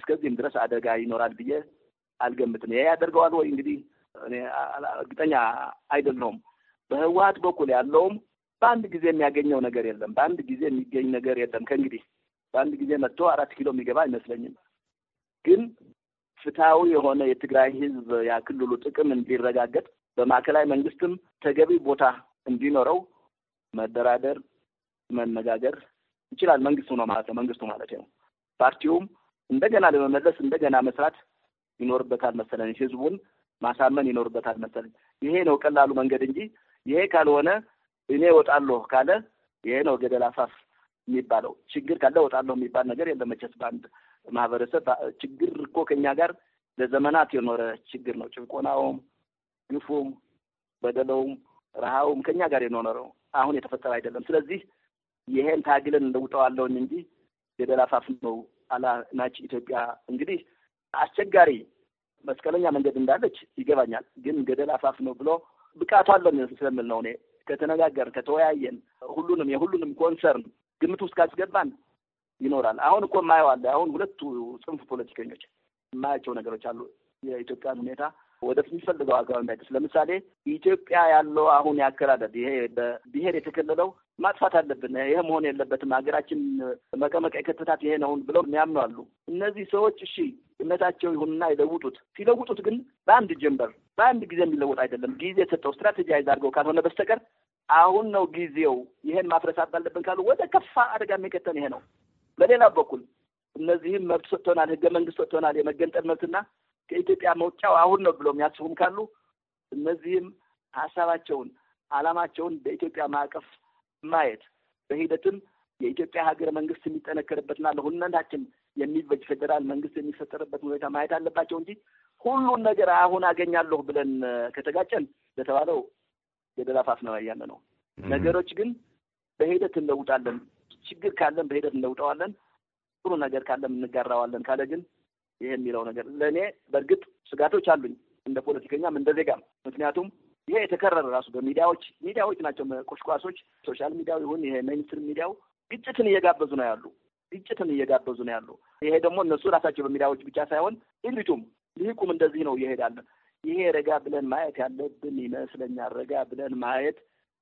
እስከዚህም ድረስ አደጋ ይኖራል ብዬ አልገምትም። ይሄ ያደርገዋል ወይ እንግዲህ እኔ እርግጠኛ አይደለሁም። በህወሀት በኩል ያለውም በአንድ ጊዜ የሚያገኘው ነገር የለም። በአንድ ጊዜ የሚገኝ ነገር የለም። ከእንግዲህ በአንድ ጊዜ መጥቶ አራት ኪሎ የሚገባ አይመስለኝም። ግን ፍትሐዊ የሆነ የትግራይ ህዝብ ያክልሉ ጥቅም እንዲረጋገጥ በማዕከላዊ መንግስትም ተገቢ ቦታ እንዲኖረው መደራደር፣ መነጋገር ይችላል። መንግስቱ ነው ማለት ነው። መንግስቱ ማለት ነው። ፓርቲውም እንደገና ለመመለስ እንደገና መስራት ይኖርበታል መሰለኝ። ህዝቡን ማሳመን ይኖርበታል መሰለኝ። ይሄ ነው ቀላሉ መንገድ እንጂ ይሄ ካልሆነ እኔ እወጣለሁ ካለ ይሄ ነው ገደል አፋፍ የሚባለው። ችግር ካለ እወጣለሁ የሚባል ነገር የለም መቼስ በአንድ ማህበረሰብ። ችግር እኮ ከኛ ጋር ለዘመናት የኖረ ችግር ነው። ጭቆናውም፣ ግፉም፣ በደለውም፣ ረሃውም ከኛ ጋር የኖረው አሁን የተፈጠረ አይደለም። ስለዚህ ይሄን ታግለን እንለውጠዋለውን እንጂ ገደል አፋፍ ነው አላናች ኢትዮጵያ እንግዲህ አስቸጋሪ መስቀለኛ መንገድ እንዳለች ይገባኛል። ግን ገደል አፋፍ ነው ብሎ ብቃቱ አለን ስለምል ነው እኔ ከተነጋገርን፣ ከተወያየን ሁሉንም የሁሉንም ኮንሰርን ግምት ውስጥ ካስገባን ይኖራል። አሁን እኮ የማየዋለ አሁን ሁለቱ ጽንፍ ፖለቲከኞች የማያቸው ነገሮች አሉ። የኢትዮጵያን ሁኔታ ወደፊት የሚፈልገው አገባ እንዳይደርስ ለምሳሌ ኢትዮጵያ ያለው አሁን ያከራደድ ይሄ በብሔር የተከለለው ማጥፋት አለብን። ይህ መሆን የለበትም። ሀገራችን መቀመቂያ የከተታት ይሄ ነውን ብለው የሚያምኑ አሉ። እነዚህ ሰዎች እሺ እምነታቸው ይሁንና ይለውጡት። ሲለውጡት ግን በአንድ ጀንበር በአንድ ጊዜ የሚለወጥ አይደለም። ጊዜ የሰጠው አይዝ አድርገው ካልሆነ በስተቀር አሁን ነው ጊዜው፣ ይሄን ማፍረሳት ባለብን ካሉ ወደ ከፋ አደጋ የሚከተን ይሄ ነው። በሌላ በኩል እነዚህም መብት ሰጥቶናል፣ ህገ መንግስት ሰጥቶናል፣ የመገንጠል መብትና ከኢትዮጵያ መውጫው አሁን ነው ብሎ የሚያስቡም ካሉ እነዚህም ሀሳባቸውን አላማቸውን በኢትዮጵያ ማዕቀፍ ማየት በሂደትም የኢትዮጵያ ሀገር መንግስት የሚጠነከርበትና ለሁነታችን የሚበጅ ፌዴራል መንግስት የሚፈጠርበት ሁኔታ ማየት አለባቸው እንጂ ሁሉን ነገር አሁን አገኛለሁ ብለን ከተጋጨን ለተባለው የደላፋፍ ነው ያለ ነው። ነገሮች ግን በሂደት እንለውጣለን። ችግር ካለን በሂደት እንለውጠዋለን። ጥሩ ነገር ካለም እንጋራዋለን ካለ ግን ይህ የሚለው ነገር ለእኔ በእርግጥ ስጋቶች አሉኝ እንደ ፖለቲከኛም እንደ ዜጋም ምክንያቱም ይሄ የተከረረ ራሱ በሚዲያዎች ሚዲያዎች ናቸው ቆሽቋሶች፣ ሶሻል ሚዲያው ይሁን ይሄ ሜንስትሪም ሚዲያው ግጭትን እየጋበዙ ነው ያሉ ግጭትን እየጋበዙ ነው ያሉ። ይሄ ደግሞ እነሱ ራሳቸው በሚዲያዎች ብቻ ሳይሆን ኢሊቱም ልሂቁም እንደዚህ ነው እየሄዳለ። ይሄ ረጋ ብለን ማየት ያለብን ይመስለኛል። ረጋ ብለን ማየት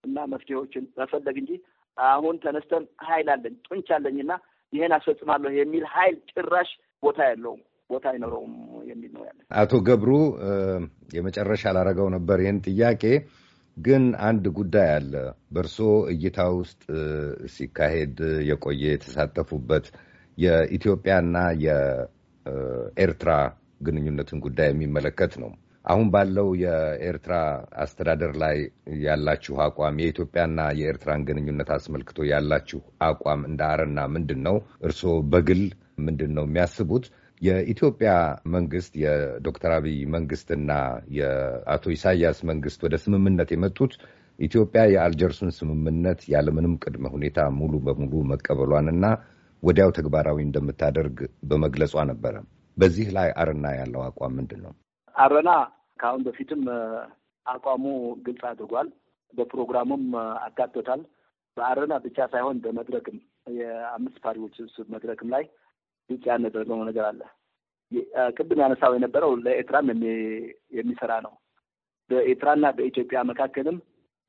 እና መፍትሄዎችን መፈለግ እንጂ አሁን ተነስተን ኃይል አለኝ ጡንቻ አለኝና ይሄን አስፈጽማለሁ የሚል ኃይል ጭራሽ ቦታ የለውም ቦታ አይኖረውም የሚል ነው ያለ። አቶ ገብሩ የመጨረሻ ላረገው ነበር ይህን ጥያቄ ግን አንድ ጉዳይ አለ በእርሶ እይታ ውስጥ ሲካሄድ የቆየ የተሳተፉበት የኢትዮጵያና የኤርትራ ግንኙነትን ጉዳይ የሚመለከት ነው። አሁን ባለው የኤርትራ አስተዳደር ላይ ያላችሁ አቋም፣ የኢትዮጵያና የኤርትራን ግንኙነት አስመልክቶ ያላችሁ አቋም እንደ አረና ምንድን ነው? እርስዎ በግል ምንድን ነው የሚያስቡት? የኢትዮጵያ መንግስት የዶክተር አብይ መንግስትና የአቶ ኢሳያስ መንግስት ወደ ስምምነት የመጡት ኢትዮጵያ የአልጀርሱን ስምምነት ያለምንም ቅድመ ሁኔታ ሙሉ በሙሉ መቀበሏንና ወዲያው ተግባራዊ እንደምታደርግ በመግለጿ ነበረ። በዚህ ላይ አረና ያለው አቋም ምንድን ነው? አረና ከአሁን በፊትም አቋሙ ግልጽ አድርጓል። በፕሮግራሙም አካቶታል። በአረና ብቻ ሳይሆን በመድረክም የአምስት ፓሪዎች መድረክም ላይ ግልጽ ያደረገው ነገር አለ። ቅድም ያነሳው የነበረው ለኤርትራም የሚሰራ ነው። በኤርትራና በኢትዮጵያ መካከልም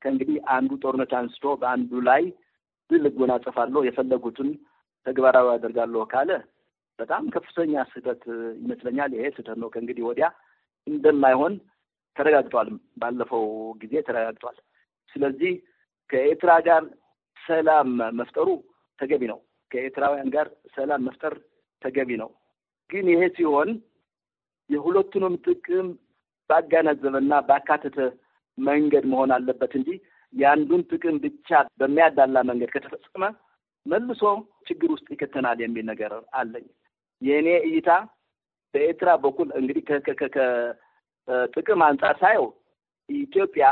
ከእንግዲህ አንዱ ጦርነት አንስቶ በአንዱ ላይ ድል እጎናጸፋለሁ የፈለጉትን ተግባራዊ አደርጋለ ካለ በጣም ከፍተኛ ስህተት ይመስለኛል። ይሄ ስህተት ነው። ከእንግዲህ ወዲያ እንደማይሆን ተረጋግጧል፣ ባለፈው ጊዜ ተረጋግጧል። ስለዚህ ከኤርትራ ጋር ሰላም መፍጠሩ ተገቢ ነው። ከኤርትራውያን ጋር ሰላም መፍጠር ተገቢ ነው። ግን ይሄ ሲሆን የሁለቱንም ጥቅም ባጋናዘበና ባካተተ መንገድ መሆን አለበት እንጂ የአንዱን ጥቅም ብቻ በሚያዳላ መንገድ ከተፈጸመ መልሶ ችግር ውስጥ ይከተናል የሚል ነገር አለኝ። የእኔ እይታ በኤርትራ በኩል እንግዲህ ከጥቅም አንጻር ሳየው ኢትዮጵያ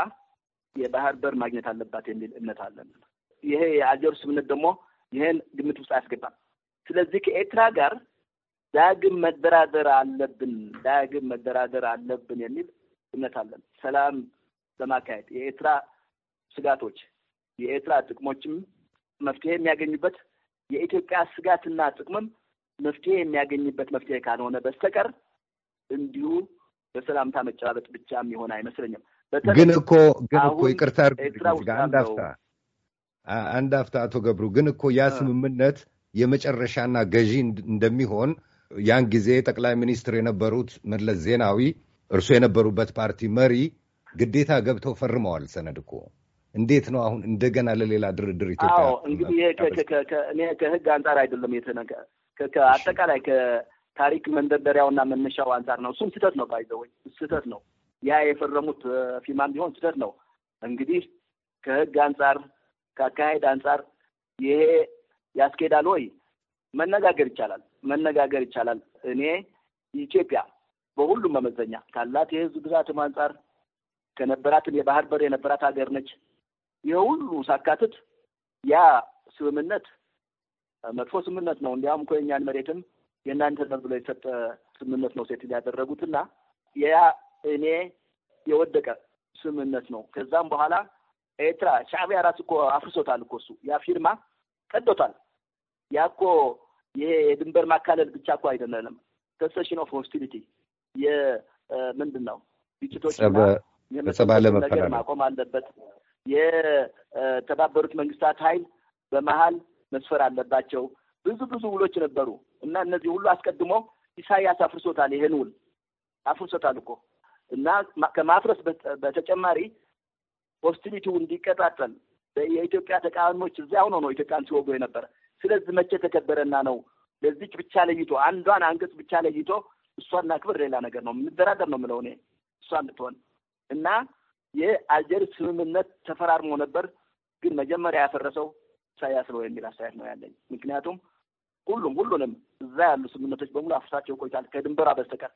የባህር በር ማግኘት አለባት የሚል እምነት አለን። ይሄ የአልጀርሱ ስምምነት ደግሞ ይሄን ግምት ውስጥ አያስገባም። ስለዚህ ከኤርትራ ጋር ዳግም መደራደር አለብን፣ ዳግም መደራደር አለብን የሚል እምነት አለን። ሰላም ለማካሄድ የኤርትራ ስጋቶች፣ የኤርትራ ጥቅሞችም መፍትሄ የሚያገኙበት የኢትዮጵያ ስጋትና ጥቅምም መፍትሄ የሚያገኝበት መፍትሄ ካልሆነ በስተቀር እንዲሁ በሰላምታ መጨባበጥ ብቻ የሚሆን አይመስለኝም። ግን እኮ ግን እኮ ይቅርታ፣ አንድ አፍታ አንድ አፍታ አቶ ገብሩ ግን እኮ ያ ስምምነት የመጨረሻና ገዢ እንደሚሆን ያን ጊዜ ጠቅላይ ሚኒስትር የነበሩት መለስ ዜናዊ እርሱ የነበሩበት ፓርቲ መሪ ግዴታ ገብተው ፈርመዋል። ሰነድ እኮ እንዴት ነው አሁን እንደገና ለሌላ ድርድር ኢትዮጵያ? እንግዲህ እኔ ከህግ አንጻር አይደለም የተነገ አጠቃላይ ከታሪክ መንደርደሪያውና መነሻው አንጻር ነው። እሱም ስህተት ነው፣ ባይዘ ወይ ስህተት ነው። ያ የፈረሙት ፊርማም ቢሆን ስህተት ነው። እንግዲህ ከህግ አንጻር ከአካሄድ አንጻር ይሄ ያስኬዳል ወይ? መነጋገር ይቻላል፣ መነጋገር ይቻላል። እኔ ኢትዮጵያ በሁሉም መመዘኛ ካላት የህዝብ ብዛትም አንጻር ከነበራትም የባህር በር የነበራት ሀገር ነች። የሁሉ ሳካትት ያ ስምምነት መጥፎ ስምምነት ነው። እንዲያውም እኮ የእኛን መሬትም የእናንተ ነው ብሎ የተሰጠ ስምምነት ነው ሴት ያደረጉትና ያ እኔ የወደቀ ስምምነት ነው። ከዛም በኋላ ኤርትራ ሻዕቢያ ራስ እኮ አፍርሶታል እኮ እሱ ያ ፊርማ ቀዶታል። ያኮ ይሄ የድንበር ማካለል ብቻ እኮ አይደለንም። ከሰሽን ኦፍ ሆስቲሊቲ የምንድን ነው ግጭቶችና ነገር ማቆም አለበት። የተባበሩት መንግስታት ኃይል በመሀል መስፈር አለባቸው። ብዙ ብዙ ውሎች ነበሩ እና እነዚህ ሁሉ አስቀድሞ ኢሳያስ አፍርሶታል። ይሄን ውል አፍርሶታል እኮ እና ከማፍረስ በተጨማሪ ሆስቲሊቲው እንዲቀጣጠል የኢትዮጵያ ተቃዋሚዎች እዚያ ሆኖ ነው ኢትዮጵያን ሲወጉ የነበረ ስለዚህ መቼ ተከበረና ነው ለዚች ብቻ ለይቶ አንዷን አንገጽ ብቻ ለይቶ እሷን አክብር ሌላ ነገር ነው የምንደራደር ነው የምለው እኔ እሷ እንድትሆን እና የአልጀር ስምምነት ተፈራርሞ ነበር፣ ግን መጀመሪያ ያፈረሰው ኢሳያስ ነው የሚል አስተያየት ነው ያለኝ። ምክንያቱም ሁሉም ሁሉንም እዛ ያሉ ስምምነቶች በሙሉ አፍሳቸው ቆይታል ከድንበሯ በስተቀር።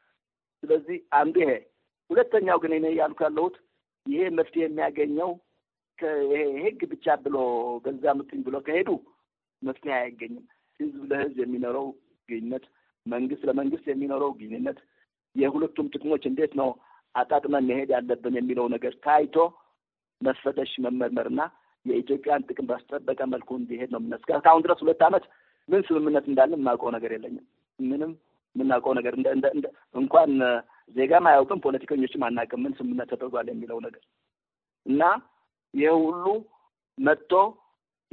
ስለዚህ አንዱ ይሄ። ሁለተኛው ግን እኔ እያልኩ ያለሁት ይሄ መፍትሄ የሚያገኘው ይሄ ህግ ብቻ ብሎ በዛ ምትኝ ብሎ ከሄዱ መፍትሄ አይገኝም። ህዝብ ለህዝብ የሚኖረው ግንኙነት፣ መንግስት ለመንግስት የሚኖረው ግንኙነት፣ የሁለቱም ጥቅሞች እንዴት ነው አጣጥመን መሄድ ያለብን የሚለው ነገር ታይቶ መፈተሽ መመርመርና የኢትዮጵያን ጥቅም ባስጠበቀ መልኩ እንዲሄድ ነው የምናስቀ እስካሁን ድረስ ሁለት ዓመት ምን ስምምነት እንዳለ የማውቀው ነገር የለኝም። ምንም የምናውቀው ነገር እንኳን ዜጋም አያውቅም፣ ፖለቲከኞችም አናውቅም ምን ስምምነት ተደርጓል የሚለው ነገር እና ይሄ ሁሉ መጥቶ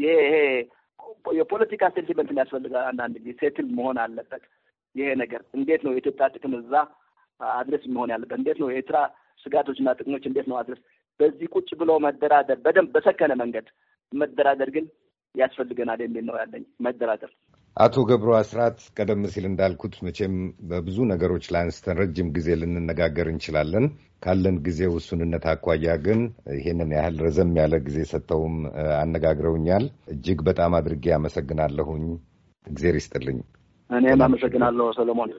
ይሄ ይሄ የፖለቲካ ሴንቲመንት ያስፈልጋል። አንዳንድ ጊዜ ሴትል መሆን አለበት ይሄ ነገር። እንዴት ነው የኢትዮጵያ ጥቅም እዛ አድረስ መሆን ያለበት? እንዴት ነው የኤርትራ ስጋቶችና ጥቅሞች እንዴት ነው አድረስ? በዚህ ቁጭ ብሎ መደራደር በደንብ በሰከነ መንገድ መደራደር ግን ያስፈልገናል የሚል ነው ያለኝ መደራደር አቶ ገብሩ አስራት ቀደም ሲል እንዳልኩት መቼም በብዙ ነገሮች ላይ አንስተን ረጅም ጊዜ ልንነጋገር እንችላለን። ካለን ጊዜ ውሱንነት አኳያ ግን ይሄንን ያህል ረዘም ያለ ጊዜ ሰጥተውም አነጋግረውኛል። እጅግ በጣም አድርጌ አመሰግናለሁኝ። እግዜር ይስጥልኝ። እኔም አመሰግናለሁ ሰለሞን።